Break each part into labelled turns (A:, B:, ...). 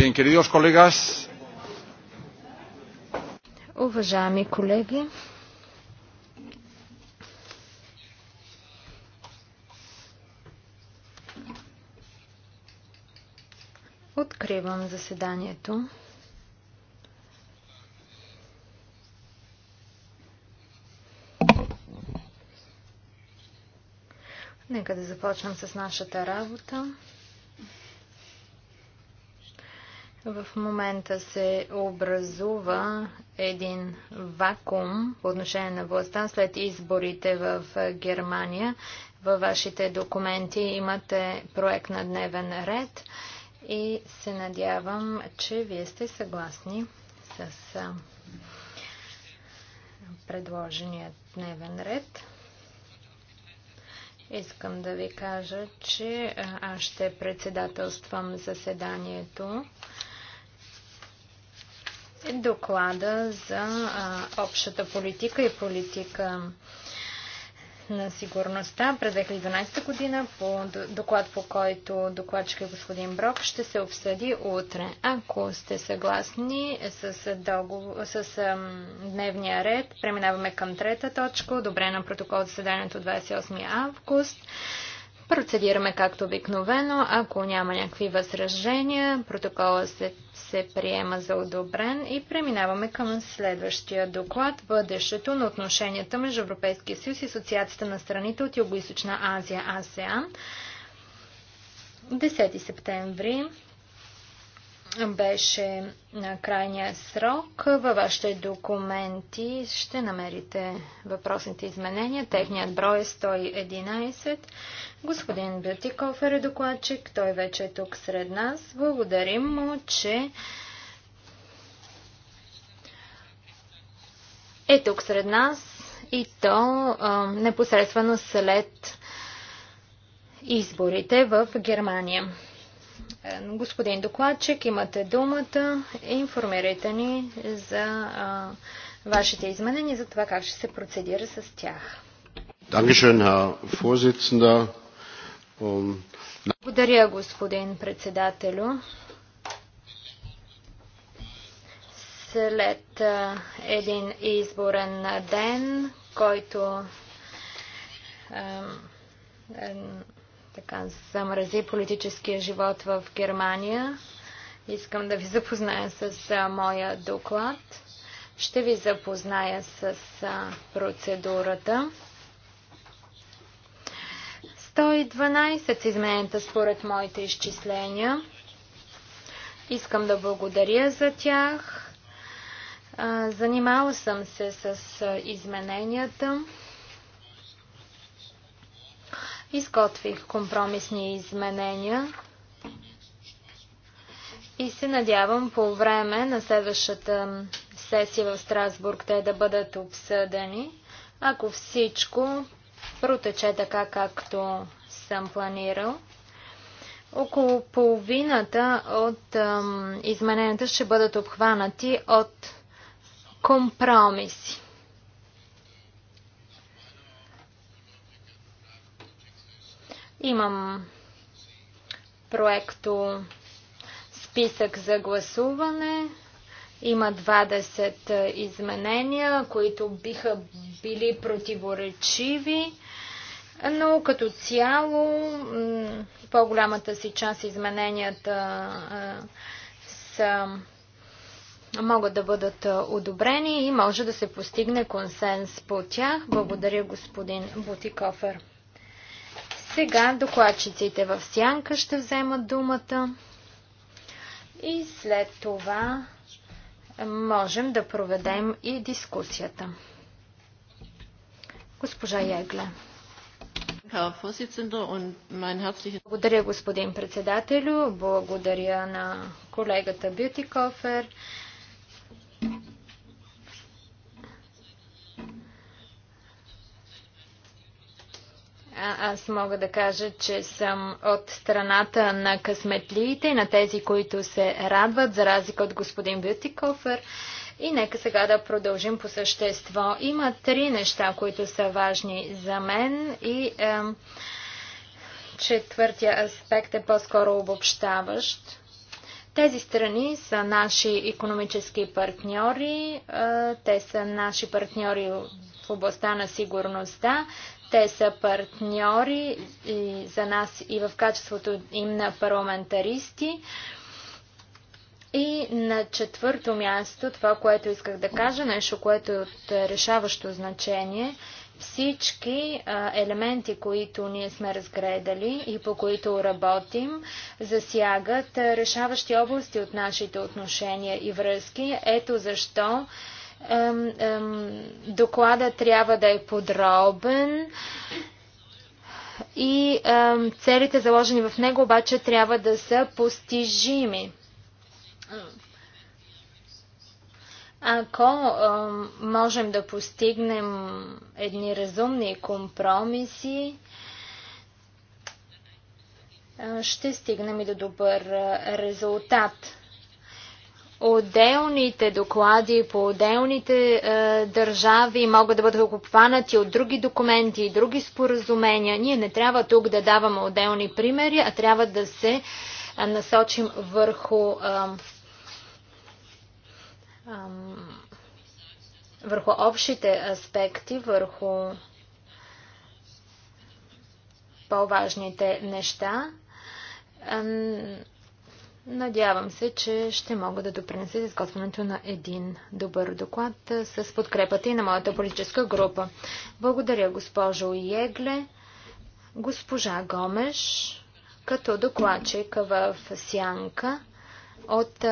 A: Bien, queridos colegas.
B: Уважаеми колеги, откривам заседанието. Нека да започнем с нашата работа. В момента се образува един вакуум по отношение на властта след изборите в Германия. Във вашите документи имате проект на дневен ред и се надявам, че вие сте съгласни с предложения дневен ред. Искам да ви кажа, че аз ще председателствам заседанието е доклада за а, общата политика и политика на сигурността през 2012 година по доклад, по който докладчик е господин Брок, ще се обсъди утре. Ако сте съгласни с, договор, с дневния ред, преминаваме към трета точка. Одобрена на протокол за съданието 28 август. Процедираме както обикновено. Ако няма някакви възражения, протокола се се приема за одобрен и преминаваме към следващия доклад бъдещето на отношенията между Европейския съюз и Асоциацията на страните от Юго-Источна Азия АСЕАН. 10 септември беше крайния срок. Във вашите документи ще намерите въпросните изменения. Техният брой е 111. Господин Бютиков е докладчик. Той вече е тук сред нас. Благодарим му, че е тук сред нас и то а, непосредствено след изборите в Германия. Е, господин докладчик, имате думата. Информирайте ни за а, вашите изменения и за това как ще се процедира с тях. Um, Благодаря, господин председателю. След а, един изборен ден, който а, така замрази политическия живот в Германия. Искам да ви запозная с а, моя доклад. Ще ви запозная с а, процедурата. 112 измената според моите изчисления. Искам да благодаря за тях. Занимала съм се с измененията. Изготвих компромисни изменения и се надявам по време на следващата сесия в Страсбург те да бъдат обсъдени. Ако всичко протече така, както съм планирал, около половината от ам, измененията ще бъдат обхванати от компромиси. Имам проекто списък за гласуване. Има 20 изменения, които биха били противоречиви, но като цяло по-голямата си част измененията са, могат да бъдат одобрени и може да се постигне консенс по тях. Благодаря господин Бутикофер. Сега докладчиците в сянка ще вземат думата и след това можем да проведем и дискусията. Госпожа Ягле. Благодаря, господин председателю. Благодаря на колегата Бютикофер А, аз мога да кажа, че съм от страната на късметлиите и на тези, които се радват, за разлика от господин Бютикофер. И нека сега да продължим по същество. Има три неща, които са важни за мен и е, четвъртия аспект е по-скоро обобщаващ. Тези страни са наши економически партньори, е, те са наши партньори в областта на сигурността. Те са партньори и за нас и в качеството им на парламентаристи. И на четвърто място, това, което исках да кажа, нещо, което е от решаващо значение, всички а, елементи, които ние сме разгледали и по които работим, засягат решаващи области от нашите отношения и връзки. Ето защо доклада трябва да е подробен и целите заложени в него обаче трябва да са постижими. Ако можем да постигнем едни разумни компромиси, е, ще стигнем и до добър е, резултат. Отделните доклади по отделните е, държави могат да бъдат обхванати от други документи и други споразумения. Ние не трябва тук да даваме отделни примери, а трябва да се е, насочим върху, е, е, върху общите аспекти, върху по-важните неща. Надявам се, че ще мога да допринеса за изготвянето на един добър доклад с подкрепата и на моята политическа група. Благодаря, госпожо Егле. Госпожа Гомеш, като докладчик в Сянка от е,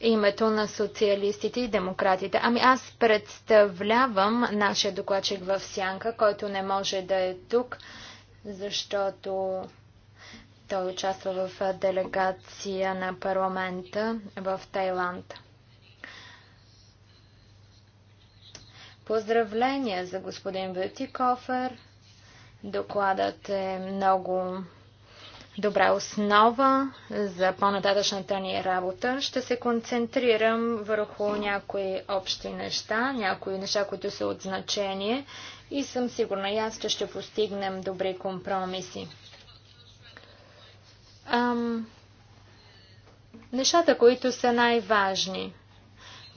B: е, името на социалистите и демократите. Ами аз представлявам нашия докладчик в Сянка, който не може да е тук, защото той участва в делегация на парламента в Тайланд. Поздравления за господин Бютикофер. Докладът е много добра основа за по-нататъчната ни работа. Ще се концентрирам върху някои общи неща, някои неща, които са от значение и съм сигурна и аз, че ще постигнем добри компромиси ам, нещата, които са най-важни.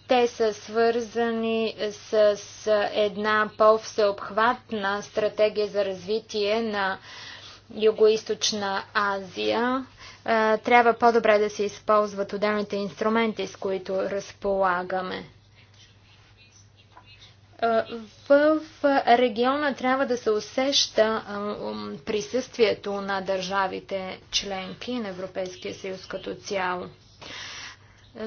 B: Те са свързани с една по-всеобхватна стратегия за развитие на Юго-Источна Азия. Трябва по-добре да се използват отделните инструменти, с които разполагаме в региона трябва да се усеща присъствието на държавите членки на Европейския съюз като цяло.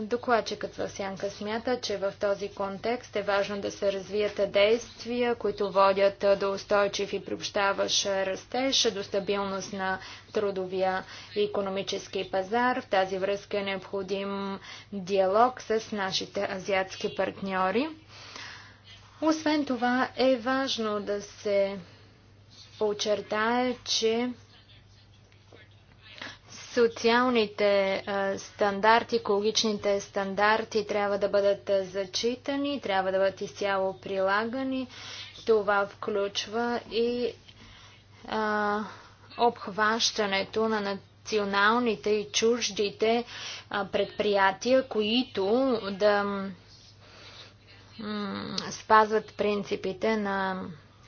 B: Докладчикът в Сянка смята, че в този контекст е важно да се развият действия, които водят до устойчив и приобщаващ растеж, до стабилност на трудовия и економически пазар. В тази връзка е необходим диалог с нашите азиатски партньори. Освен това е важно да се очертае, че социалните стандарти, екологичните стандарти трябва да бъдат зачитани, трябва да бъдат изцяло прилагани. Това включва и а, обхващането на националните и чуждите предприятия, които да спазват принципите на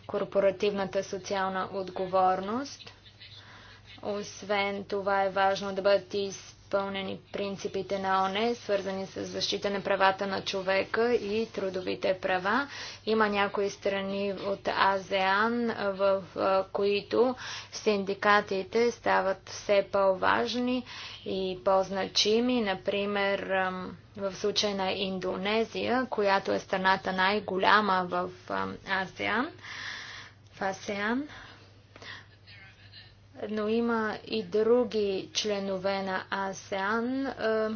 B: корпоративната социална отговорност. Освен това е важно да бъдат изпълнени изпълнени принципите на ОНЕ, свързани с защита на правата на човека и трудовите права. Има някои страни от АЗЕАН, в които синдикатите стават все по-важни и по-значими. Например, в случай на Индонезия, която е страната най-голяма в АСЕАН, в АСЕАН но има и други членове на АСЕАН, е,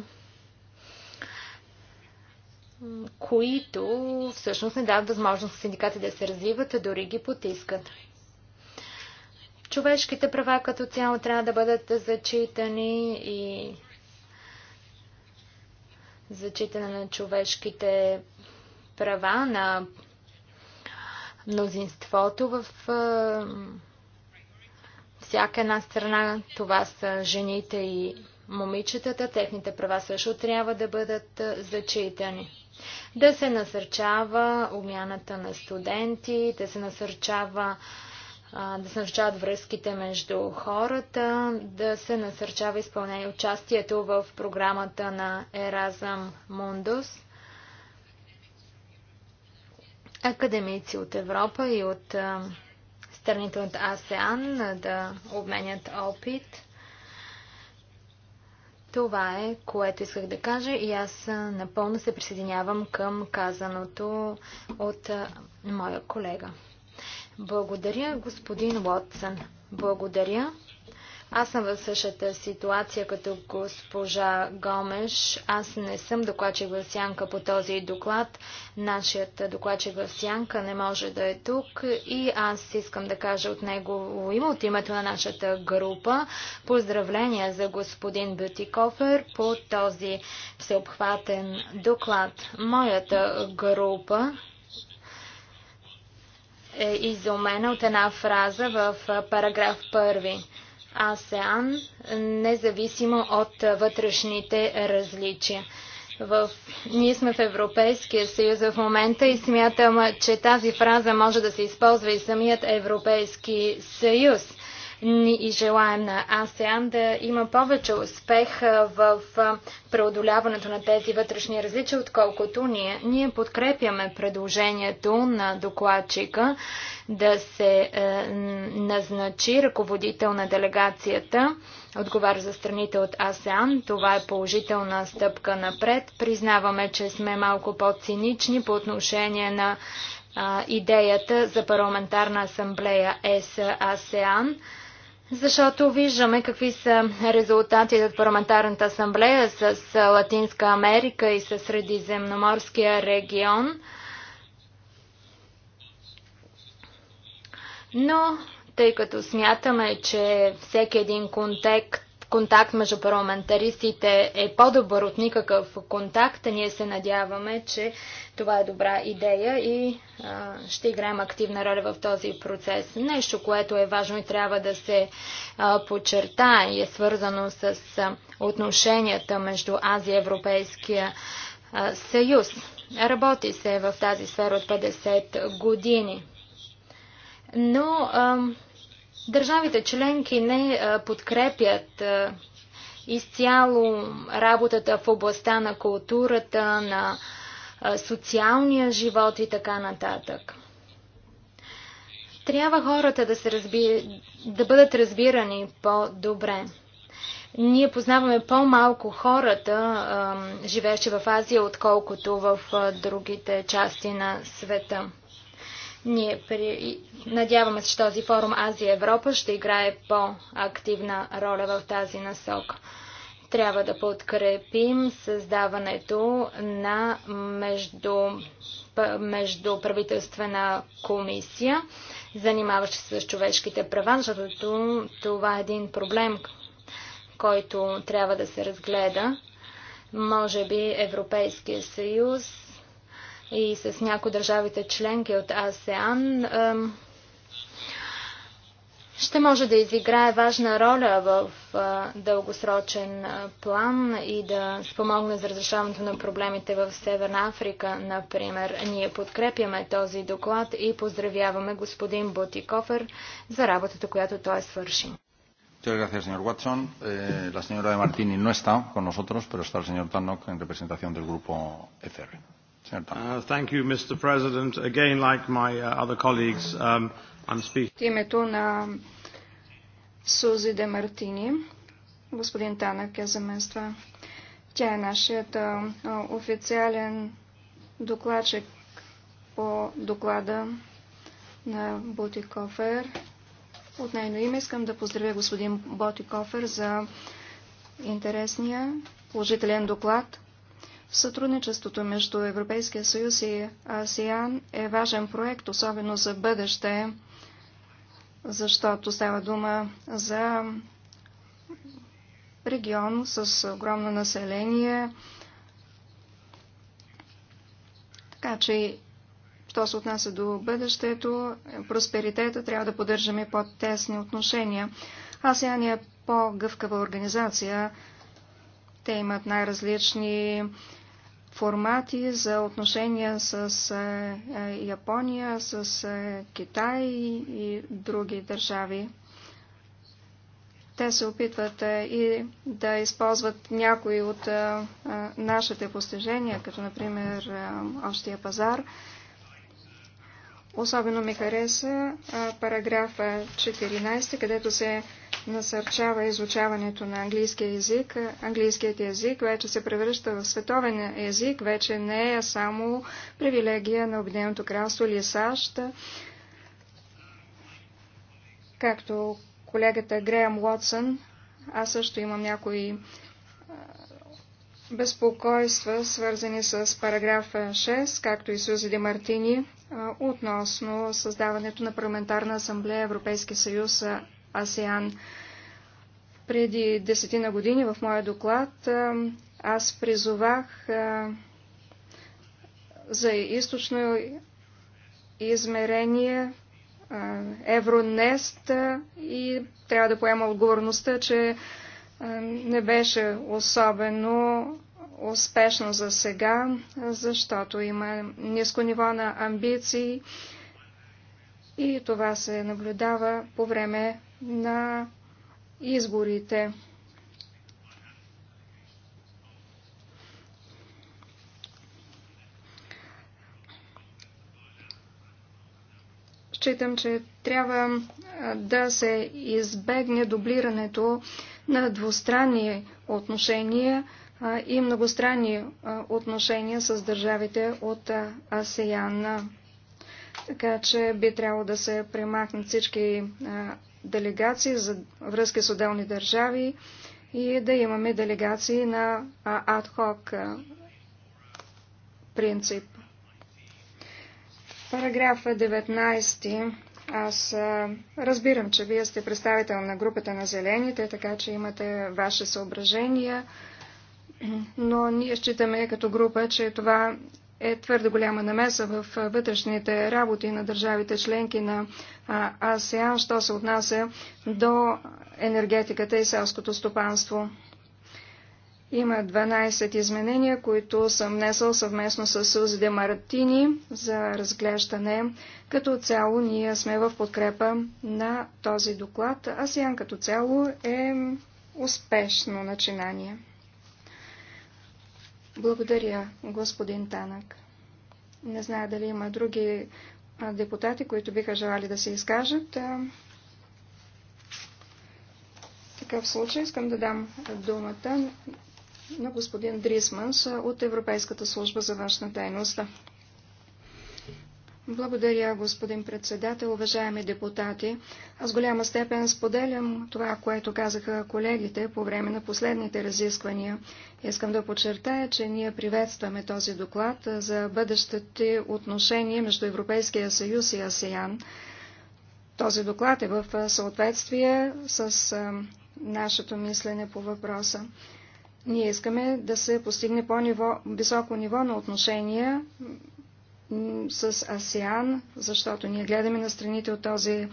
B: които всъщност не дават възможност синдикати да се развиват, а дори ги потискат. Човешките права като цяло трябва да бъдат зачитани и зачитане на човешките права на мнозинството в е, всяка една страна. Това са жените и момичетата. Техните права също трябва да бъдат зачитани. Да се насърчава обмяната на студенти, да се насърчава да се насърчават връзките между хората, да се насърчава изпълнение участието в програмата на Еразъм Мундус. Академици от Европа и от страните от АСЕАН да обменят опит. Това е, което исках да кажа и аз напълно се присъединявам към казаното от моя колега. Благодаря, господин Уотсън. Благодаря. Аз съм в същата ситуация като госпожа Гомеш. Аз не съм докладчик в сянка по този доклад. Нашият докладчик в сянка не може да е тук и аз искам да кажа от него има от името на нашата група. Поздравления за господин Бютикофер по този всеобхватен доклад. Моята група е изумена от една фраза в параграф първи. АСЕАН, независимо от вътрешните различия. В... Ние сме в Европейския съюз в момента и смятам, че тази фраза може да се използва и самият Европейски съюз и желаем на АСЕАН да има повече успех в преодоляването на тези вътрешни различия, отколкото ние. Ние подкрепяме предложението на докладчика да се е, назначи ръководител на делегацията, отговаря за страните от АСЕАН. Това е положителна стъпка напред. Признаваме, че сме малко по-цинични по отношение на идеята за парламентарна асамблея ЕС-АСЕАН. Защото виждаме какви са резултатите от парламентарната асамблея с Латинска Америка и с Средиземноморския регион. Но тъй като смятаме, че всеки един контекст контакт между парламентаристите е по-добър от никакъв контакт. Ние се надяваме, че това е добра идея и а, ще играем активна роля в този процес. Нещо, което е важно и трябва да се а, подчерта и е свързано с а, отношенията между Азия и Европейския а, съюз. Работи се в тази сфера от 50 години. Но а, Държавите членки не е, подкрепят е, изцяло работата в областта на културата, на е, социалния живот и така нататък. Трябва хората да, се разби... да бъдат разбирани по-добре. Ние познаваме по-малко хората, живеещи в Азия, отколкото в другите части на света. Ние при... надяваме се, че този форум Азия-Европа ще играе по-активна роля в тази насока. Трябва да подкрепим създаването на между... междуправителствена комисия, занимаваща се с човешките права, защото това е един проблем, който трябва да се разгледа. Може би Европейския съюз и с някои държавите членки от АСЕАН ще може да изиграе важна роля в дългосрочен план и да спомогне за разрешаването на проблемите в Северна Африка, например. Ние подкрепяме този доклад и поздравяваме господин Бутикофер за работата, която той е свърши.
A: Muchas gracias, señor Watson. Eh, la señora de Martini no está con nosotros, pero está el señor Tannock en representación del grupo FR. E Uh,
B: uh, um,
C: името на Сузи Де Мартини, господин Танък е замества. Тя е нашият официален докладчик по доклада на Ботикофер. От нейно име искам да поздравя господин Ботикофер за интересния положителен доклад. Сътрудничеството между Европейския съюз и АСИАН е важен проект, особено за бъдеще, защото става дума за регион с огромно население. Така че, що се отнася до бъдещето, просперитета, трябва да поддържаме по-тесни отношения. Асиан е по-гъвкава организация. Те имат най-различни формати за отношения с е, е, Япония, с е, Китай и други държави. Те се опитват и да използват някои от нашите постижения, като например общия пазар, Особено ми хареса параграфа 14, където се насърчава изучаването на английския език. Английският език вече се превръща в световен език, вече не е само привилегия на Обединеното кралство или САЩ. Както колегата Греъм Уотсън, аз също имам някои безпокойства, свързани с параграф 6, както и Сюзи Де Мартини, относно създаването на парламентарна асамблея Европейски съюз АСЕАН. Преди десетина години в моя доклад аз призовах за източно измерение Евронест и трябва да поема отговорността, че не беше особено успешно за сега, защото има ниско ниво на амбиции и това се наблюдава по време на изборите. Считам, че трябва да се избегне дублирането на двустранни отношения и многостранни отношения с държавите от АСЕАН. Така че би трябвало да се премахнат всички делегации за връзки с отделни държави и да имаме делегации на адхок принцип. Параграф 19. Аз разбирам, че вие сте представител на групата на зелените, така че имате ваши съображения но ние считаме като група, че това е твърде голяма намеса в вътрешните работи на държавите членки на АСЕАН, що се отнася до енергетиката и селското стопанство. Има 12 изменения, които съм внесъл съвместно с Сузи Де Мартини за разглеждане. Като цяло ние сме в подкрепа на този доклад. АСЕАН като цяло е успешно начинание. Благодаря, господин Танък. Не зная дали има други депутати, които биха желали да се изкажат. Такъв случай искам да дам думата на господин Дрисманс от Европейската служба за външна тайността. Благодаря, господин председател, уважаеми депутати. Аз голяма степен споделям това, което казаха колегите по време на последните разисквания. Искам да подчертая, че ние приветстваме този доклад за бъдещите отношения между Европейския съюз и АСЕАН. Този доклад е в съответствие с нашето мислене по въпроса. Ние искаме да се постигне по-високо ниво на отношения с АСЕАН, защото ние гледаме на страните от този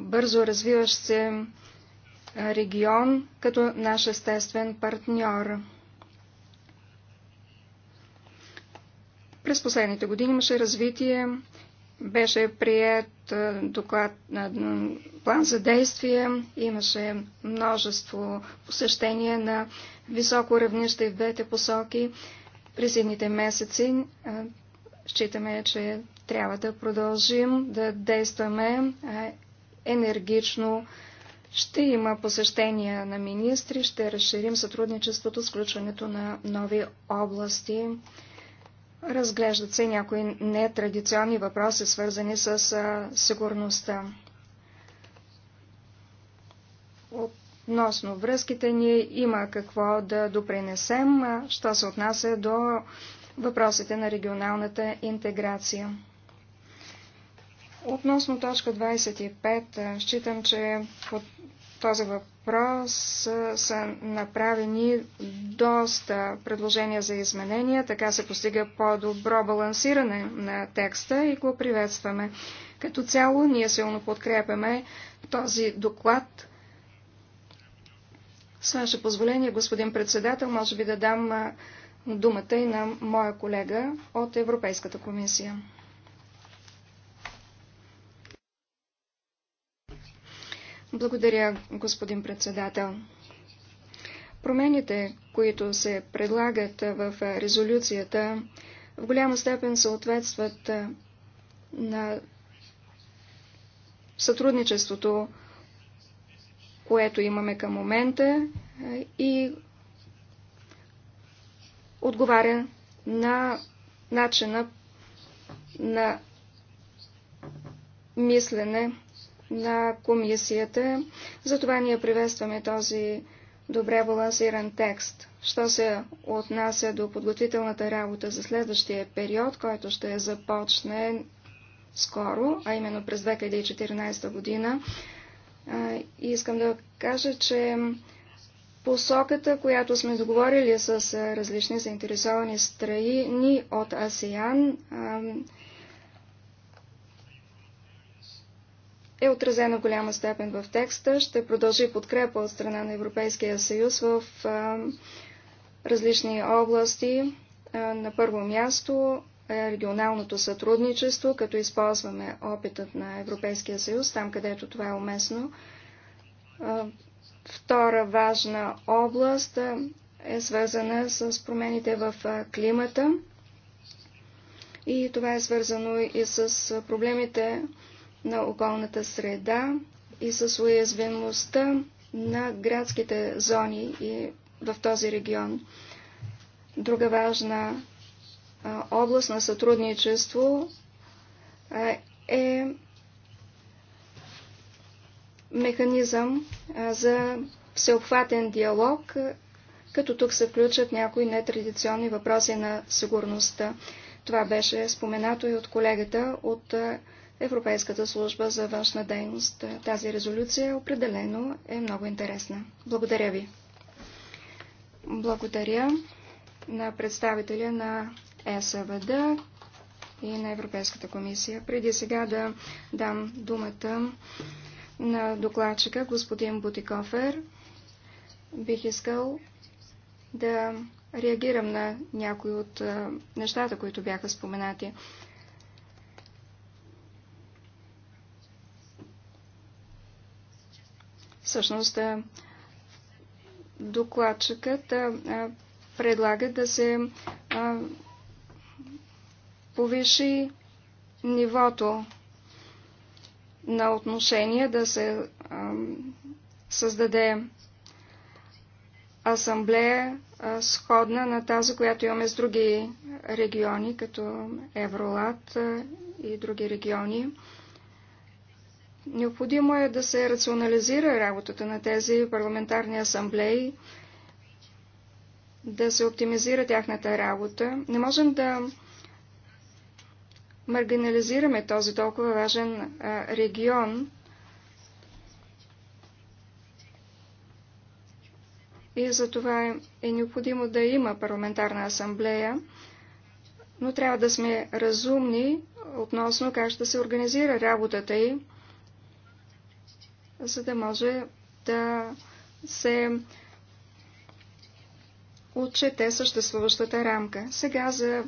C: бързо развиващ се регион като наш естествен партньор. През последните години имаше развитие, беше прият доклад на план за действие, имаше множество посещения на високо равнище в двете посоки. През едните месеци Считаме, че трябва да продължим да действаме енергично. Ще има посещения на министри, ще разширим сътрудничеството с включването на нови области. Разглеждат се някои нетрадиционни въпроси, свързани с сигурността. Относно връзките ни има какво да допринесем, що се отнася до въпросите на регионалната интеграция. Относно точка 25, считам, че под този въпрос са направени доста предложения за изменения, така се постига по-добро балансиране на текста и го приветстваме. Като цяло ние силно подкрепяме този доклад. С ваше позволение, господин председател, може би да дам думата и на моя колега от Европейската комисия. Благодаря, господин председател. Промените, които се предлагат в резолюцията, в голяма степен съответстват на сътрудничеството, което имаме към момента и отговаря на начина на мислене на комисията. Затова ние приветстваме този добре балансиран текст. Що се отнася до подготвителната работа за следващия период, който ще започне скоро, а именно през 2014 година, и искам да кажа, че посоката, която сме договорили с различни заинтересовани страни от АСЕАН, е отразена в голяма степен в текста. Ще продължи подкрепа от страна на Европейския съюз в различни области. На първо място е регионалното сътрудничество, като използваме опитът на Европейския съюз, там където това е уместно Втора важна област е свързана с промените в климата и това е свързано и с проблемите на околната среда и с уязвимостта на градските зони и в този регион. Друга важна област на сътрудничество е механизъм за всеобхватен диалог, като тук се включат някои нетрадиционни въпроси на сигурността. Това беше споменато и от колегата от Европейската служба за външна дейност. Тази резолюция определено е много интересна. Благодаря ви. Благодаря на представителя на ЕСВД и на Европейската комисия. Преди сега да дам думата на докладчика, господин Бутикофер. Бих искал да реагирам на някои от нещата, които бяха споменати. Всъщност, докладчикът предлага да се повиши нивото на отношения, да се а, създаде асамблея, а, сходна на тази, която имаме с други региони, като Евролат а, и други региони. Необходимо е да се рационализира работата на тези парламентарни асамблеи, да се оптимизира тяхната работа. Не можем да маргинализираме този толкова важен регион и за това е необходимо да има парламентарна асамблея, но трябва да сме разумни относно как ще се организира работата й, за да може да се отчете съществуващата рамка. Сега за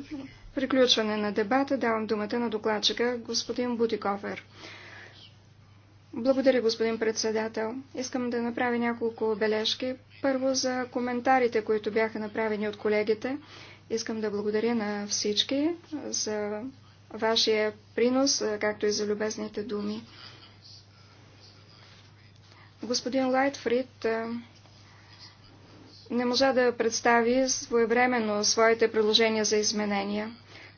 C: приключване на дебата давам думата на докладчика господин Бутикофер. Благодаря, господин председател. Искам да направя няколко бележки. Първо за коментарите, които бяха направени от колегите. Искам да благодаря на всички за вашия принос, както и за любезните думи. Господин Лайтфрид не можа да представи своевременно своите предложения за изменения.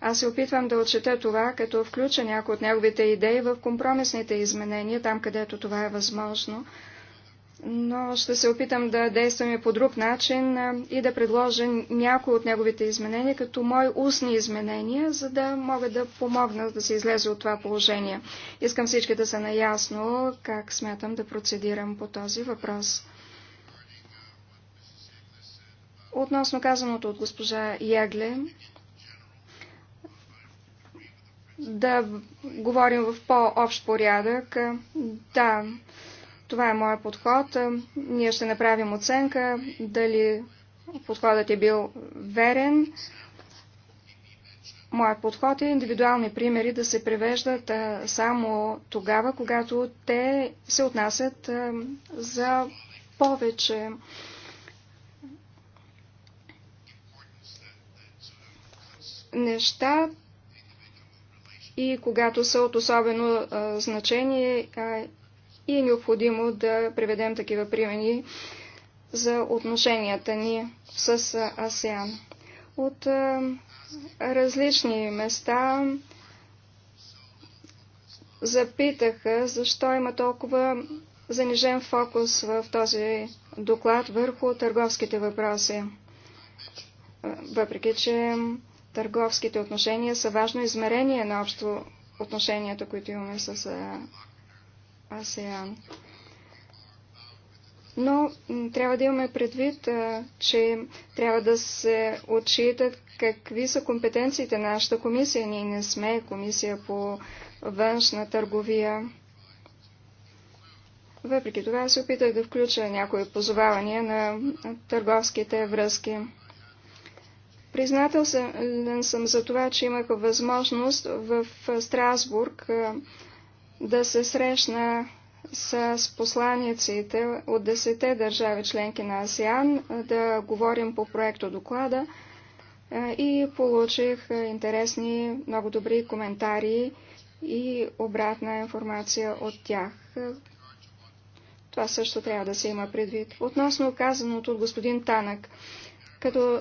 C: Аз се опитвам да отчета това, като включа някои от неговите идеи в компромисните изменения, там където това е възможно. Но ще се опитам да действаме по друг начин и да предложа някои от неговите изменения като мои устни изменения, за да мога да помогна да се излезе от това положение. Искам всички да са наясно как смятам да процедирам по този въпрос. Относно казаното от госпожа Ягле да говорим в по-общ порядък. Да, това е моят подход. Ние ще направим оценка дали подходът е бил верен. Моят подход е индивидуални примери да се превеждат само тогава, когато те се отнасят за повече. Неща и когато са от особено а, значение а, и е необходимо да приведем такива примени за отношенията ни с АСЕАН. От а, различни места запитаха защо има толкова занижен фокус в този доклад върху търговските въпроси. Въпреки, че Търговските отношения са важно измерение на общо отношенията, които имаме с АСЕАН. Но трябва да имаме предвид, че трябва да се отчитат какви са компетенциите на нашата комисия. Ние не сме комисия по външна търговия. Въпреки това се опитах да включа някои позовавания на търговските връзки. Признателен съм за това, че имах възможност в Страсбург да се срещна с посланиците от десете държави членки на АСИАН, да говорим по проекто доклада и получих интересни, много добри коментари и обратна информация от тях. Това също трябва да се има предвид. Относно казаното от господин Танък, като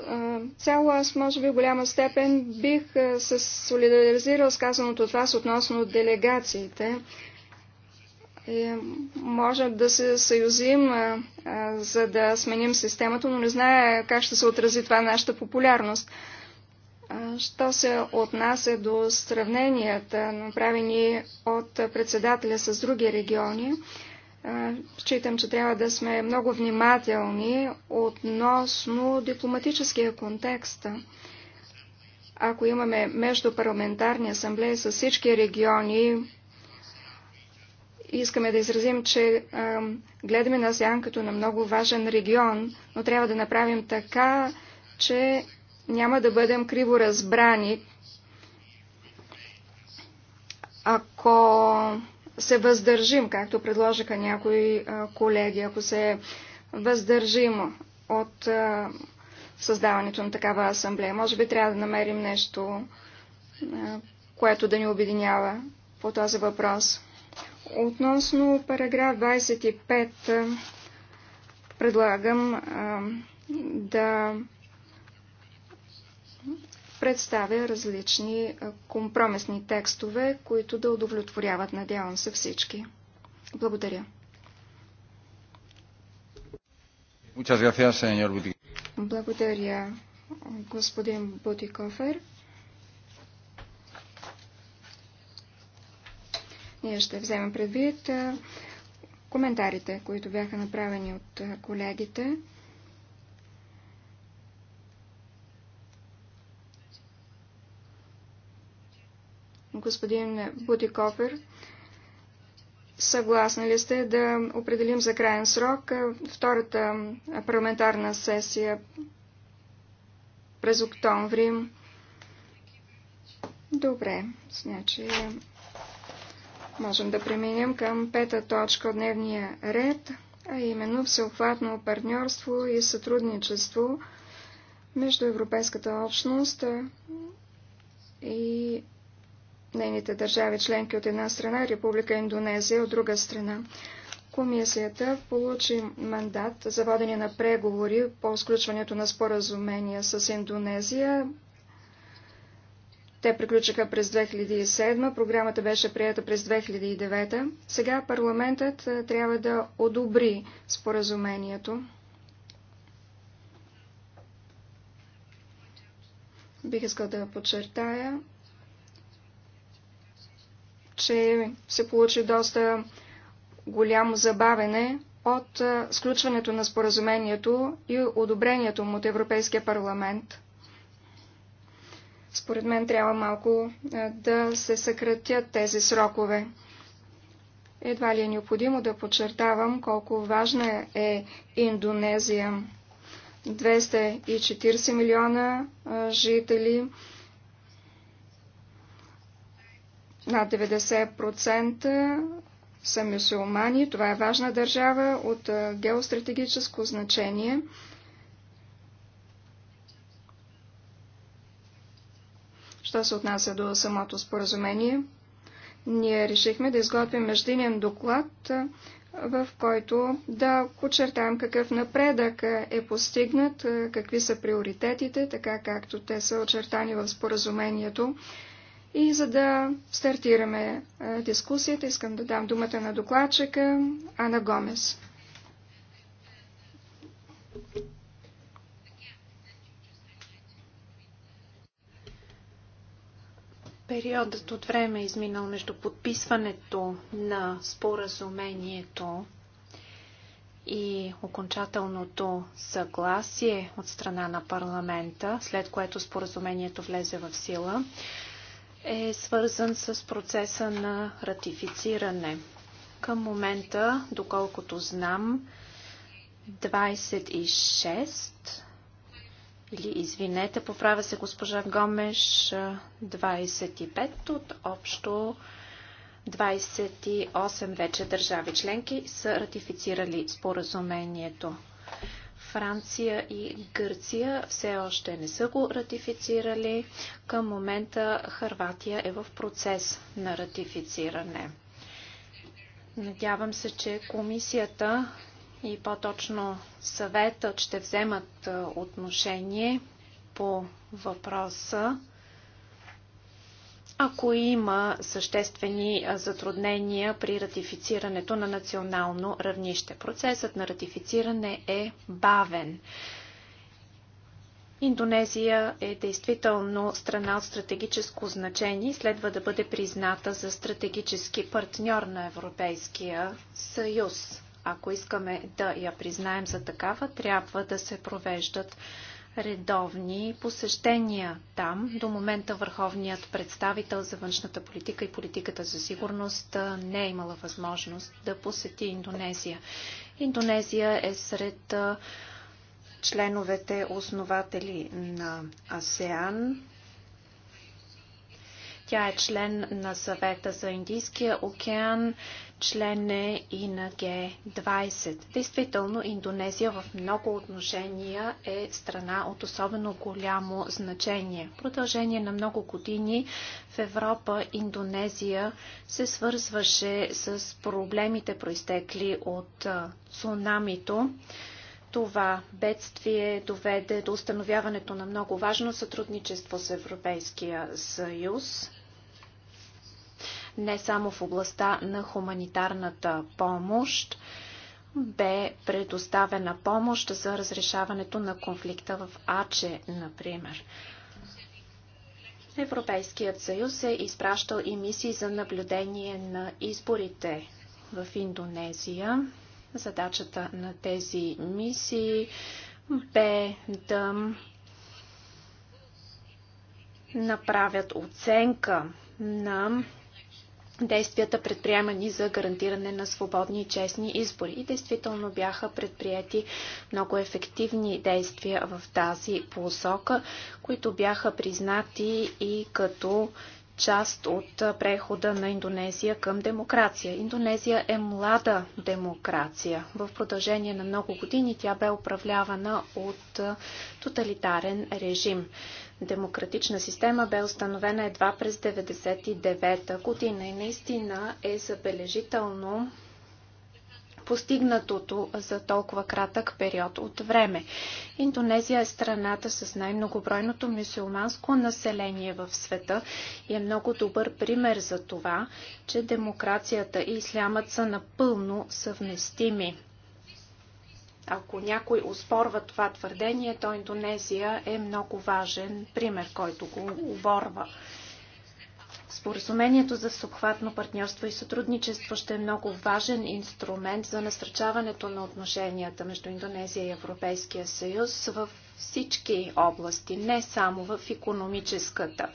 C: цяло аз може би в голяма степен бих се солидаризирал с казаното от вас относно делегациите. И може да се съюзим, а, за да сменим системата, но не знае как ще се отрази това нашата популярност. А, що се отнася до сравненията, направени от председателя с други региони, Считам, че трябва да сме много внимателни относно дипломатическия контекст. Ако имаме междупарламентарни асамблеи с всички региони, искаме да изразим, че гледаме на Азиан като на много важен регион, но трябва да направим така, че няма да бъдем криво разбрани. Ако се въздържим, както предложиха някои колеги, ако се въздържим от създаването на такава асамблея. Може би трябва да намерим нещо, което да ни обединява по този въпрос. Относно параграф 25 предлагам да представя различни компромисни текстове, които да удовлетворяват, надявам се, всички. Благодаря. Благодаря, господин Бутикофер. Ние ще вземем предвид коментарите, които бяха направени от колегите. господин Бутикофер. Съгласни ли сте да определим за крайен срок втората парламентарна сесия през октомври? Добре, значи можем да преминем към пета точка от дневния ред, а именно всеобхватно партньорство и сътрудничество между Европейската общност и нейните държави членки от една страна и Република Индонезия от друга страна. Комисията получи мандат за водене на преговори по сключването на споразумения с Индонезия. Те приключиха през 2007, програмата беше прията през 2009. Сега парламентът трябва да одобри споразумението. Бих искал да подчертая, че се получи доста голямо забавене от сключването на споразумението и одобрението му от Европейския парламент. Според мен трябва малко да се съкратят тези срокове. Едва ли е необходимо да подчертавам колко важна е Индонезия. 240 милиона жители, над 90% са мюсюлмани. Това е важна държава от геостратегическо значение. Що се отнася до самото споразумение, ние решихме да изготвим междинен доклад, в който да подчертаем какъв напредък е постигнат, какви са приоритетите, така както те са очертани в споразумението. И за да стартираме дискусията, искам да дам думата на докладчика Ана Гомес.
A: Периодът от време е изминал между подписването на споразумението и окончателното съгласие от страна на парламента, след което споразумението влезе в сила, е свързан с процеса на ратифициране. Към момента, доколкото знам, 26 или извинете, поправя се госпожа Гомеш, 25 от общо 28 вече държави членки са ратифицирали споразумението. Франция и Гърция все още не са го ратифицирали. Към момента Харватия е в процес на ратифициране. Надявам се, че комисията и по-точно съветът ще вземат отношение по въпроса ако има съществени затруднения при ратифицирането на национално равнище. Процесът на ратифициране е бавен. Индонезия е действително страна от стратегическо значение и следва да бъде призната за стратегически партньор на Европейския съюз. Ако искаме да я признаем за такава, трябва да се провеждат редовни посещения там. До момента върховният представител за външната политика и политиката за сигурност не е имала възможност да посети Индонезия. Индонезия е сред членовете основатели на АСЕАН. Тя е член на съвета за Индийския океан, член е и на Г20. Действително, Индонезия в много отношения е страна от особено голямо значение. В продължение на много години в Европа Индонезия се свързваше с проблемите, проистекли от цунамито. Това бедствие доведе до установяването на много важно сътрудничество с Европейския съюз не само в областта на хуманитарната помощ, бе предоставена помощ за разрешаването на конфликта в Аче, например. Европейският съюз е изпращал и мисии за наблюдение на изборите в Индонезия. Задачата на тези мисии бе да направят оценка на действията предприемани за гарантиране на свободни и честни избори. И действително бяха предприяти много ефективни действия в тази посока, които бяха признати и като част от прехода на Индонезия към демокрация. Индонезия е млада демокрация. В продължение на много години тя бе управлявана от тоталитарен режим демократична система бе установена едва през 1999-та година и наистина е забележително постигнатото за толкова кратък период от време. Индонезия е страната с най-многобройното мюсюлманско население в света и е много добър пример за това, че демокрацията и ислямът са напълно съвместими. Ако някой успорва това твърдение, то Индонезия е много важен пример, който го оборва. Споразумението за всеобхватно партньорство и сътрудничество ще е много важен инструмент за насърчаването на отношенията между Индонезия и Европейския съюз в всички области, не само в економическата.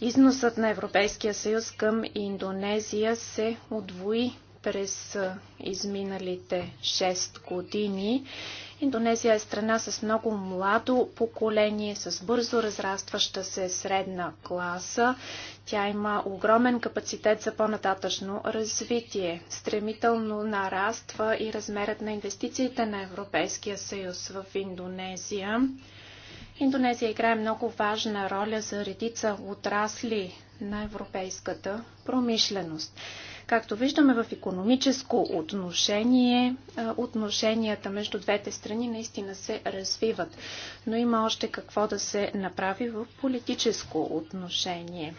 A: Износът на Европейския съюз към Индонезия се отвои през изминалите 6 години. Индонезия е страна с много младо поколение, с бързо разрастваща се средна класа. Тя има огромен капацитет за по-нататъчно развитие. Стремително нараства и размерът на инвестициите на Европейския съюз в Индонезия. Индонезия играе много важна роля за редица отрасли на европейската промишленост. Както виждаме в економическо отношение, отношенията между двете страни наистина се развиват, но има още какво да се направи в политическо отношение.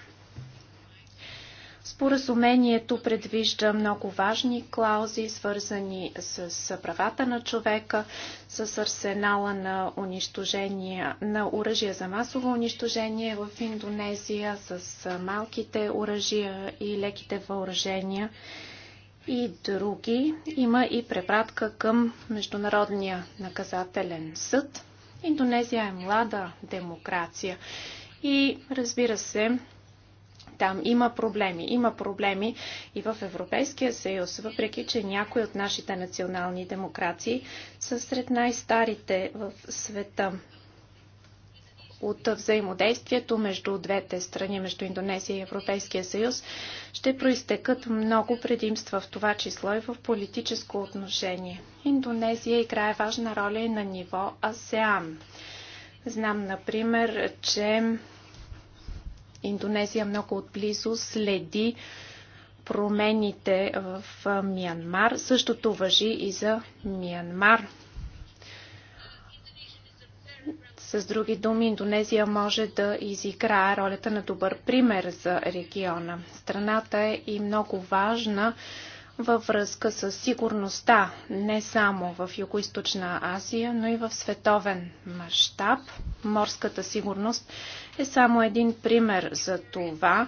A: Споразумението предвижда много важни клаузи, свързани с правата на човека, с арсенала на, унищожение, на оръжия за масово унищожение в Индонезия, с малките оръжия и леките въоръжения и други. Има и препратка към Международния наказателен съд. Индонезия е млада демокрация и разбира се, там има проблеми. Има проблеми и в Европейския съюз, въпреки че някои от нашите национални демокрации са сред най-старите в света от взаимодействието между двете страни, между Индонезия и Европейския съюз, ще проистекат много предимства в това число и в политическо отношение. Индонезия играе важна роля и на ниво АСЕАН. Знам, например, че Индонезия много отблизо следи промените в Миянмар. Същото въжи и за Миянмар. С други думи, Индонезия може да изиграе ролята на добър пример за региона. Страната е и много важна във връзка с сигурността не само в юго Азия, но и в световен мащаб. Морската сигурност е само един пример за това.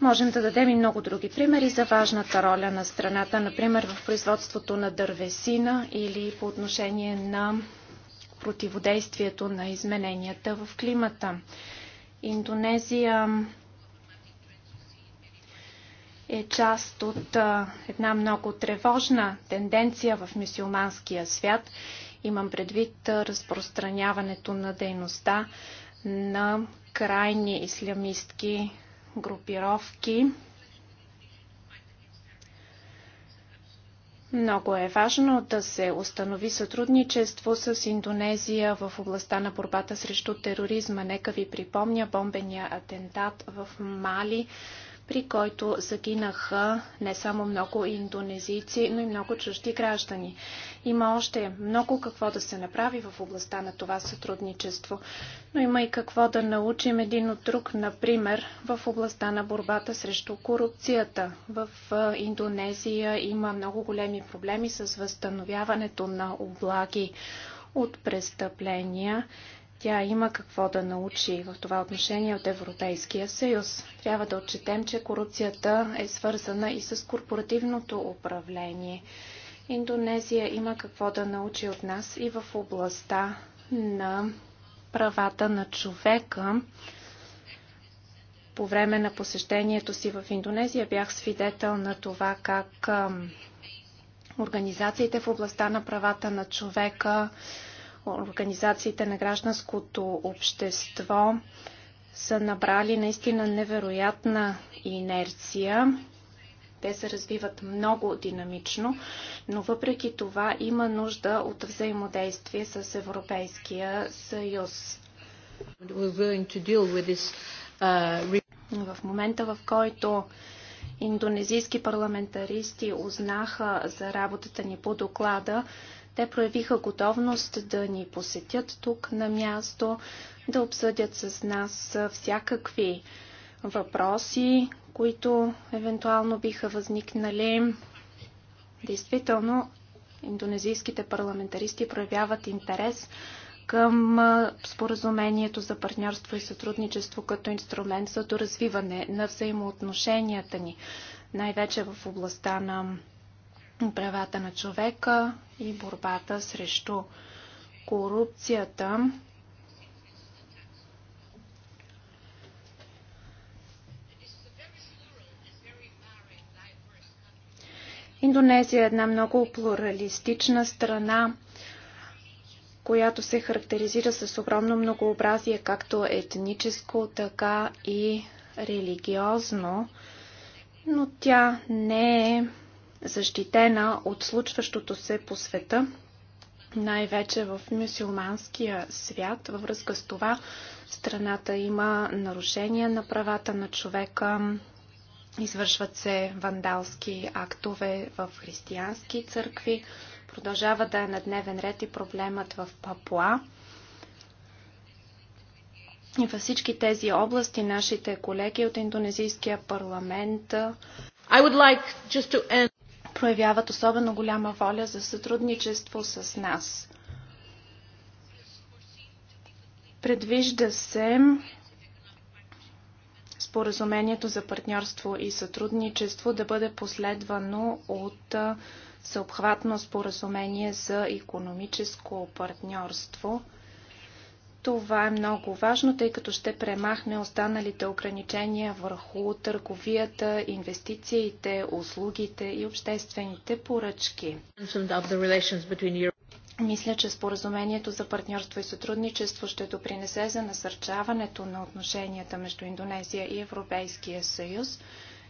A: Можем да дадем и много други примери за важната роля на страната, например в производството на дървесина или по отношение на противодействието на измененията в климата. Индонезия е част от една много тревожна тенденция в мюсюлманския свят. Имам предвид разпространяването на дейността на крайни ислямистки групировки. Много е важно да се установи сътрудничество с Индонезия в областта на борбата срещу тероризма. Нека ви припомня бомбения атентат в Мали, при който загинаха не само много индонезийци, но и много чужди граждани. Има още много какво да се направи в областта на това сътрудничество, но има и какво да научим един от друг, например, в областта на борбата срещу корупцията. В Индонезия има много големи проблеми с възстановяването на облаги от престъпления. Тя има какво да научи в това отношение от Европейския съюз. Трябва да отчетем, че корупцията е свързана и с корпоративното управление. Индонезия има какво да научи от нас и в областта на правата на човека. По време на посещението си в Индонезия бях свидетел на това как организациите в областта на правата на човека организациите на гражданското общество са набрали наистина невероятна инерция. Те се развиват много динамично, но въпреки това има нужда от взаимодействие с Европейския съюз. Uh, в момента, в който индонезийски парламентаристи узнаха за работата ни по доклада, те проявиха готовност да ни посетят тук на място, да обсъдят с нас всякакви въпроси, които евентуално биха възникнали. Действително, индонезийските парламентаристи проявяват интерес към споразумението за партньорство и сътрудничество като инструмент за доразвиване на взаимоотношенията ни, най-вече в областта на правата на човека и борбата срещу корупцията. Индонезия е една много плуралистична страна, която се характеризира с огромно многообразие, както етническо, така и религиозно, но тя не е защитена от случващото се по света, най-вече в мюсюлманския свят. Във връзка с това страната има нарушения на правата на човека, извършват се вандалски актове в християнски църкви, продължава да е на дневен ред и проблемът в Папуа. И във всички тези области нашите колеги от индонезийския парламент I would like just to end проявяват особено голяма воля за сътрудничество с нас. Предвижда се споразумението за партньорство и сътрудничество да бъде последвано от съобхватно споразумение за економическо партньорство – това е много важно, тъй като ще премахне останалите ограничения върху търговията, инвестициите, услугите и обществените поръчки. Мисля, че споразумението за партньорство и сътрудничество ще допринесе за насърчаването на отношенията между Индонезия и Европейския съюз.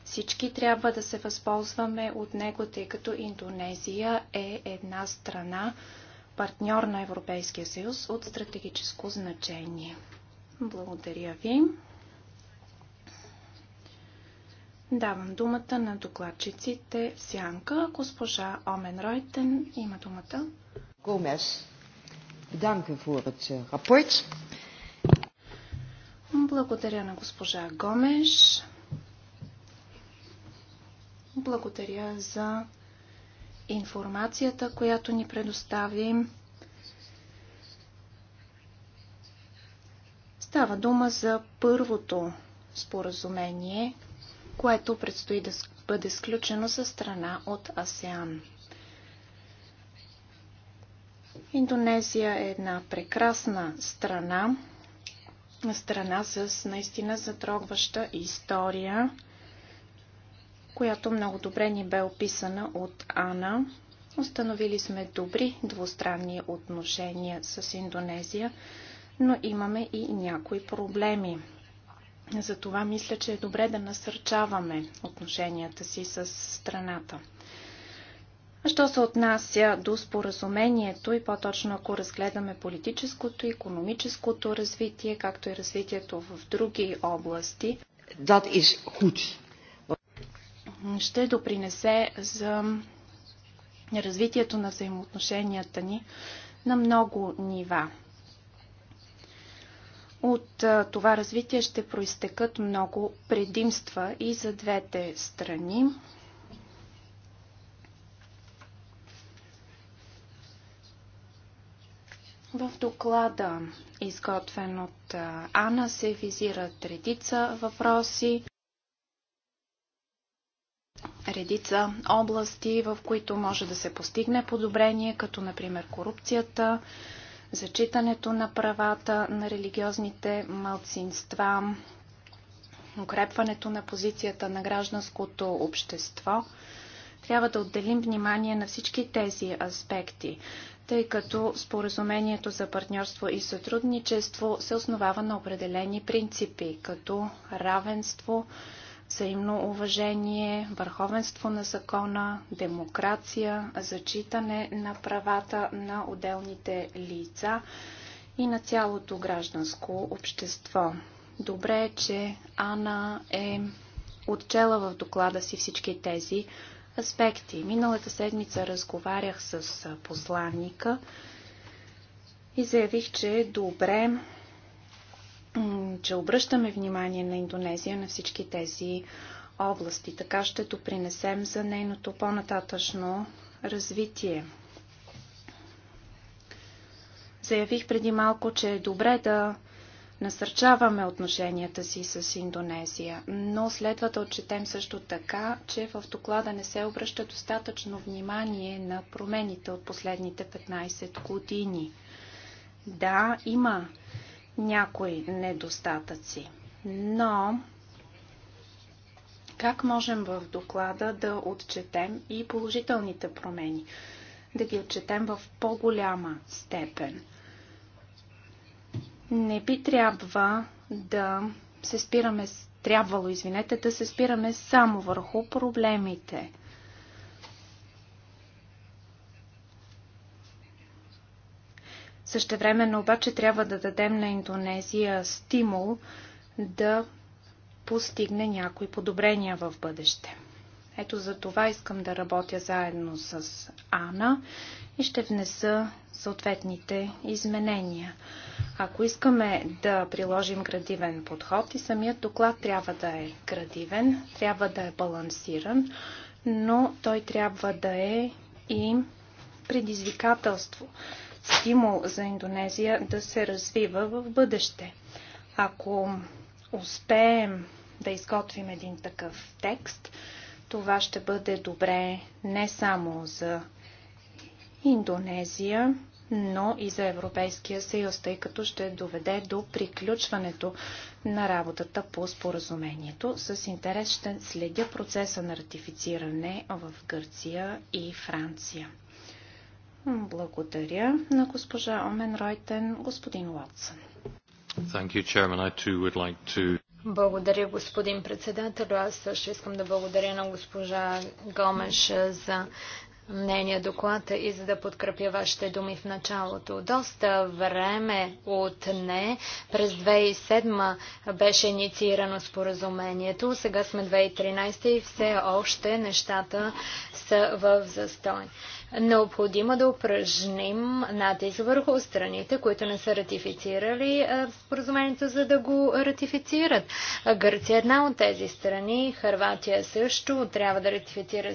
A: Всички трябва да се възползваме от него, тъй като Индонезия е една страна, партньор на Европейския съюз от стратегическо значение. Благодаря ви. Давам думата на докладчиците сянка. Госпожа Омен Ройтен има думата.
C: Гомес, данка фурът het е,
A: Благодаря на госпожа Гомеш. Благодаря за информацията, която ни предостави. Става дума за първото споразумение, което предстои да бъде сключено със страна от АСЕАН. Индонезия е една прекрасна страна, страна с наистина затрогваща история която много добре ни бе описана от Ана. Установили сме добри двустранни отношения с Индонезия, но имаме и някои проблеми. Затова мисля, че е добре да насърчаваме отношенията си с страната. Що се отнася до споразумението и по-точно ако разгледаме политическото, и економическото развитие, както и развитието в други области,
C: Dat is goed
A: ще допринесе за развитието на взаимоотношенията ни на много нива. От това развитие ще проистекат много предимства и за двете страни. В доклада, изготвен от Ана, се визират редица въпроси, редица области, в които може да се постигне подобрение, като например корупцията, зачитането на правата на религиозните малцинства, укрепването на позицията на гражданското общество. Трябва да отделим внимание на всички тези аспекти, тъй като споразумението за партньорство и сътрудничество се основава на определени принципи, като равенство, взаимно уважение, върховенство на закона, демокрация, зачитане на правата на отделните лица и на цялото гражданско общество. Добре е, че Ана е отчела в доклада си всички тези аспекти. Миналата седмица разговарях с посланника и заявих, че е добре че обръщаме внимание на Индонезия на всички тези области. Така ще допринесем за нейното по-нататъчно развитие. Заявих преди малко, че е добре да насърчаваме отношенията си с Индонезия, но следва да отчетем също така, че в доклада не се обръща достатъчно внимание на промените от последните 15 години. Да, има някои недостатъци. Но как можем в доклада да отчетем и положителните промени? Да ги отчетем в по-голяма степен. Не би трябва да се спираме, трябвало, извинете, да се спираме само върху проблемите – Същевременно обаче трябва да дадем на Индонезия стимул да постигне някои подобрения в бъдеще. Ето за това искам да работя заедно с Ана и ще внеса съответните изменения. Ако искаме да приложим градивен подход и самият доклад трябва да е градивен, трябва да е балансиран, но той трябва да е и предизвикателство стимул за Индонезия да се развива в бъдеще. Ако успеем да изготвим един такъв текст, това ще бъде добре не само за Индонезия, но и за Европейския съюз, тъй като ще доведе до приключването на работата по споразумението. С интерес ще следя процеса на ратифициране в Гърция и Франция. Благодаря на
B: госпожа Омен Ройтен, господин Уотсън.
A: You, like
B: to... Благодаря, господин председател. Аз също искам да благодаря на госпожа Гомеш за нейния доклад и за да подкрепя вашите думи в началото. Доста време от не. През 2007 беше инициирано споразумението. Сега сме 2013 и все още нещата са в застой. Необходимо да упражним натиск върху страните, които не са ратифицирали споразумението, за да го ратифицират. Гърция е една от тези страни, Харватия също трябва да ратифицира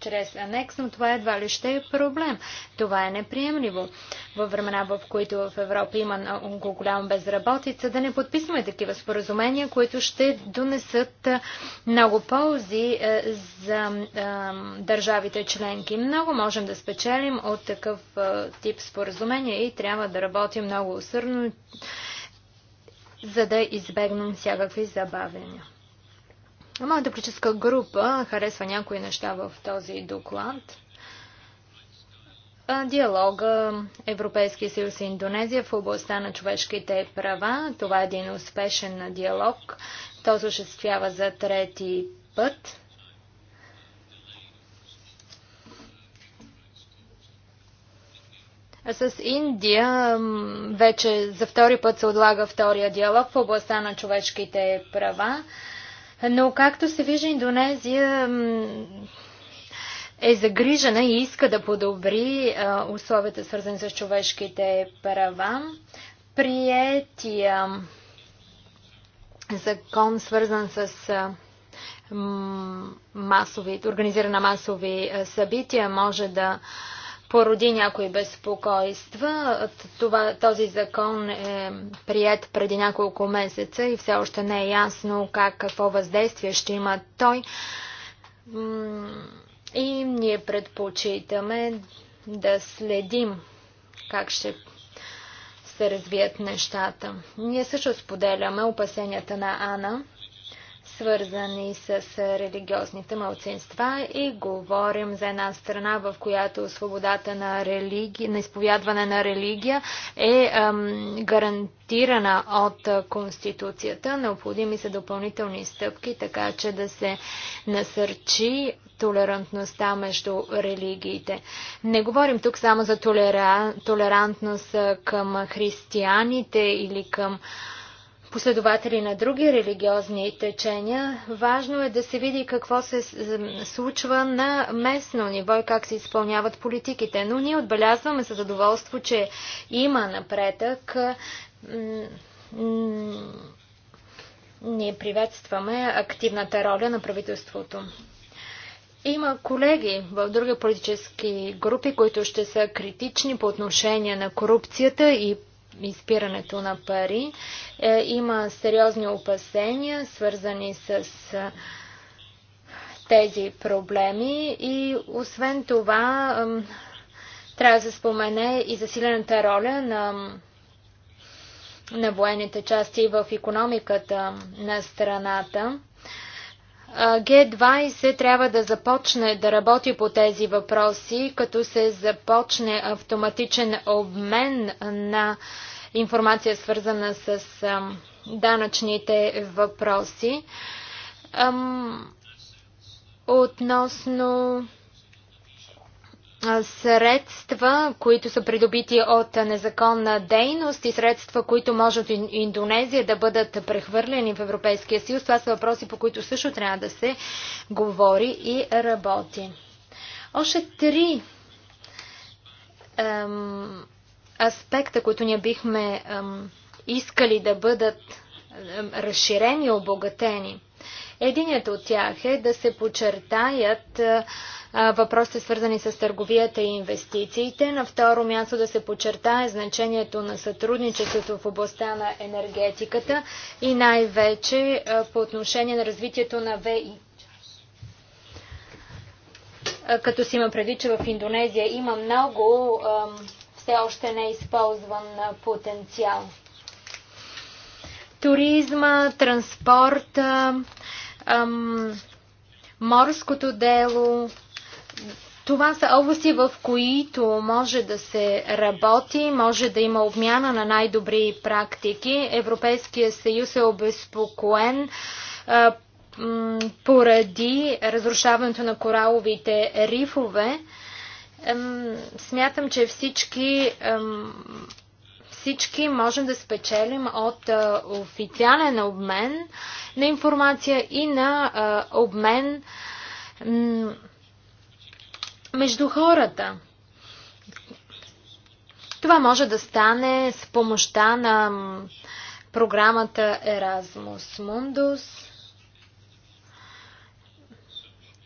B: чрез анекс, но това едва ли ще е проблем. Това е неприемливо. Във времена, в които в Европа има много голяма безработица, да не подписваме такива споразумения, които ще донесат много ползи за държавите членки. Много можем да спечелим от такъв тип споразумения и трябва да работим много усърдно, за да избегнем всякакви забавения. Моята политическа група харесва някои неща в този доклад. Диалога Европейски съюз и Индонезия в областта на човешките права. Това е един успешен диалог. Той осъществява за трети път. С Индия вече за втори път се отлага втория диалог в областта на човешките права. Но както се вижда, Индонезия е загрижена и иска да подобри условията, свързани с човешките права. приятия закон, свързан с масови, организирана масови събития, може да породи някои безпокойства. Това, този закон е прият преди няколко месеца и все още не е ясно как, какво въздействие ще има той. И ние предпочитаме да следим как ще се развият нещата. Ние също споделяме опасенията на Ана свързани с религиозните мълцинства и говорим за една страна, в която свободата на, религи... на изповядване на религия е ам, гарантирана от Конституцията. Необходими са допълнителни стъпки, така че да се насърчи толерантността между религиите. Не говорим тук само за толера... толерантност към християните или към последователи на други религиозни течения, важно е да се види какво се случва на местно ниво и как се изпълняват политиките. Но ние отбелязваме със задоволство, че има напредък. Ние приветстваме активната роля на правителството. Има колеги в други политически групи, които ще са критични по отношение на корупцията и изпирането на пари. Е, има сериозни опасения, свързани с е, тези проблеми и освен това трябва да се спомене и засилената роля на, на военните части в економиката на страната. Г20 трябва да започне да работи по тези въпроси, като се започне автоматичен обмен на информация, свързана с данъчните въпроси. Относно средства, които са придобити от незаконна дейност и средства, които може от Индонезия да бъдат прехвърлени в Европейския съюз. Това са въпроси, по които също трябва да се говори и работи. Още три ем, аспекта, които ние бихме ем, искали да бъдат ем, разширени и обогатени. Единият от тях е да се почертаят въпросите свързани с търговията и инвестициите. На второ място да се почертае значението на сътрудничеството в областта на енергетиката и най-вече по отношение на развитието на ВИ. Като си има преди, че в Индонезия има много все още не е използван потенциал. Туризма, транспорта, морското дело. Това са области, в които може да се работи, може да има обмяна на най-добри практики. Европейския съюз е обезпокоен поради разрушаването на кораловите рифове. Смятам, че всички всички можем да спечелим от официален обмен на информация и на обмен между хората. Това може да стане с помощта на програмата Erasmus Mundus.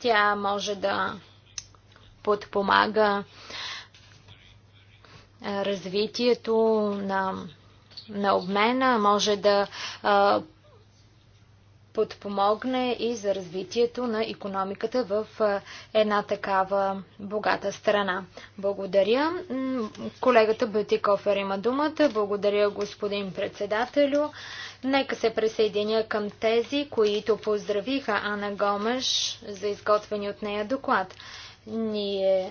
B: Тя може да подпомага развитието на, на обмена може да а, подпомогне и за развитието на економиката в една такава богата страна. Благодаря. Колегата Бетикофер има думата. Благодаря, господин председателю. Нека се присъединя към тези, които поздравиха Ана Гомеш за изготвени от нея доклад. Ние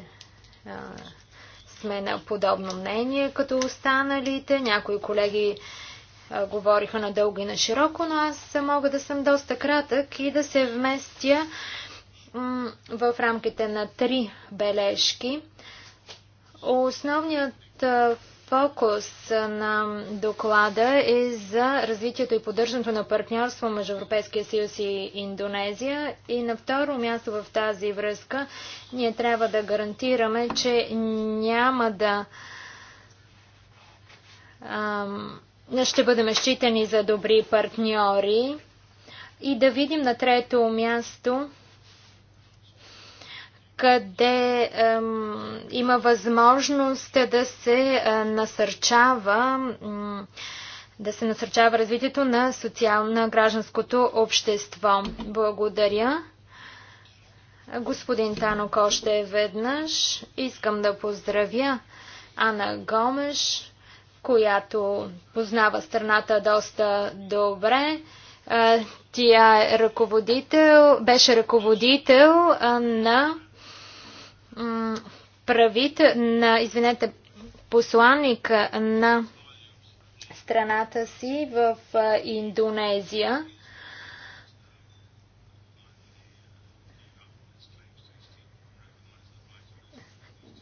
B: сме на подобно мнение като останалите. Някои колеги а, говориха дълго и на широко, но аз мога да съм доста кратък и да се вместя в рамките на три бележки. Основният Фокус на доклада е за развитието и поддържането на партньорство между Европейския съюз и Индонезия. И на второ място в тази връзка ние трябва да гарантираме, че няма да а, ще бъдем считани за добри партньори. И да видим на трето място къде ем, има възможност да се е, насърчава да се насърчава развитието на, социално на гражданското общество. Благодаря. Господин Танок още веднъж искам да поздравя Ана Гомеш, която познава страната доста добре. Е, тя е ръководител, беше ръководител е, на правите на, извинете, посланника на страната си в Индонезия.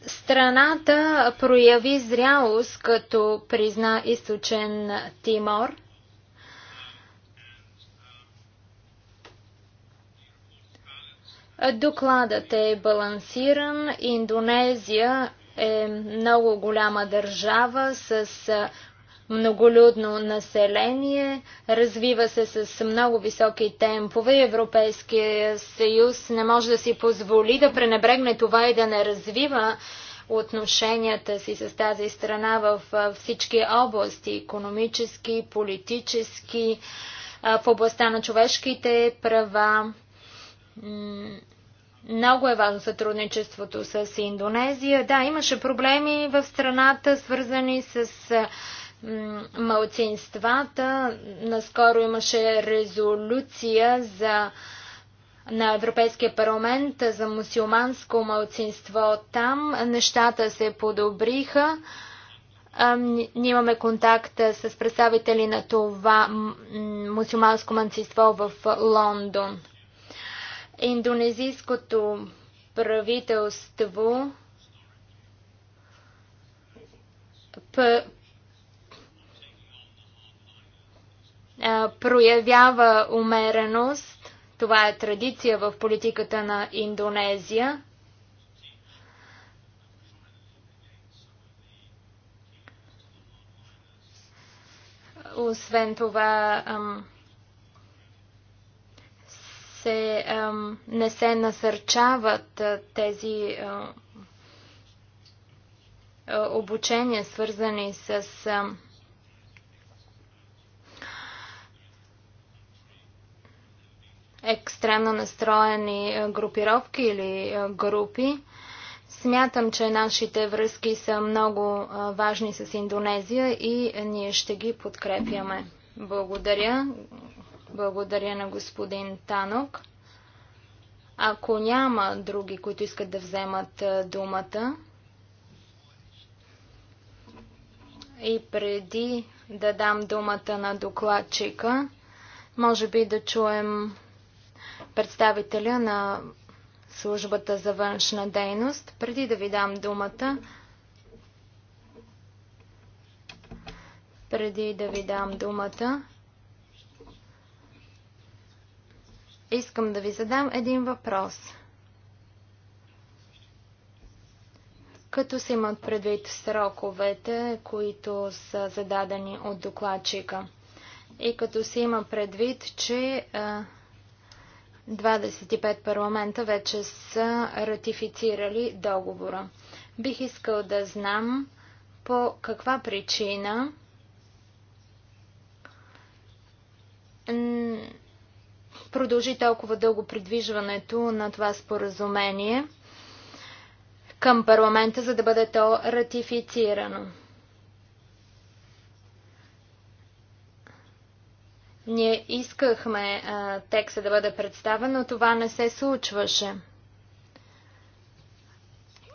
B: Страната прояви зрялост, като призна източен Тимор – Докладът е балансиран. Индонезия е много голяма държава с многолюдно население, развива се с много високи темпове. Европейския съюз не може да си позволи да пренебрегне това и да не развива отношенията си с тази страна в всички области економически, политически, в областта на човешките права, много е важно сътрудничеството с Индонезия. Да, имаше проблеми в страната, свързани с малцинствата. Наскоро имаше резолюция за, на Европейския парламент за мусулманско малцинство там. Нещата се подобриха. Ние имаме контакт с представители на това мусулманско малцинство в Лондон. Индонезийското правителство проявява умереност. Това е традиция в политиката на Индонезия. Освен това, се, не се насърчават тези обучения, свързани с екстремно настроени групировки или групи. Смятам, че нашите връзки са много важни с Индонезия и ние ще ги подкрепяме. Благодаря. Благодаря на господин Танок. Ако няма други, които искат да вземат думата, и преди да дам думата на докладчика, може би да чуем представителя на службата за външна дейност. Преди да ви дам думата, преди да ви дам думата, Искам да ви задам един въпрос. Като се имат предвид сроковете, които са зададени от докладчика и като се има предвид, че 25 парламента вече са ратифицирали договора. Бих искал да знам по каква причина продължи толкова дълго придвижването на това споразумение към парламента, за да бъде то ратифицирано. Ние искахме а, текста да бъде представен, но това не се случваше.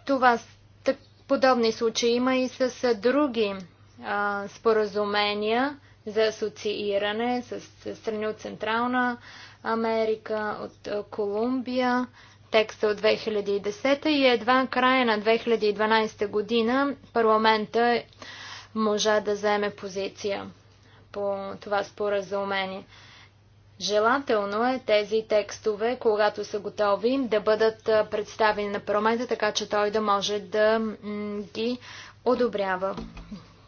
B: Това, так, подобни случаи има и с други а, споразумения за асоцииране с, с страни от Централна Америка, от е, Колумбия, текста от 2010 и едва края на 2012 година парламента можа да вземе позиция по това споразумение. Желателно е тези текстове, когато са готови, да бъдат е, представени на парламента, така че той да може да ги одобрява.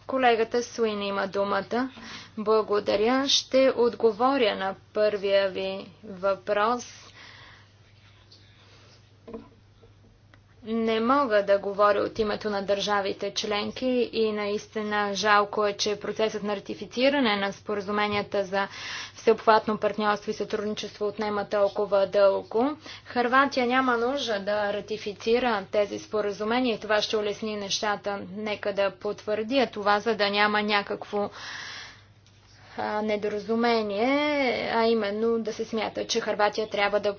B: Колегата Суин има думата. Благодаря. Ще отговоря на първия ви въпрос Не мога да говоря от името на държавите членки и наистина жалко е, че процесът на ратифициране на споразуменията за всеобхватно партньорство и сътрудничество отнема толкова дълго. Харватия няма нужда да ратифицира тези споразумения и това ще улесни нещата. Нека да потвърдя това, за да няма някакво недоразумение, а именно да се смята, че Харватия трябва да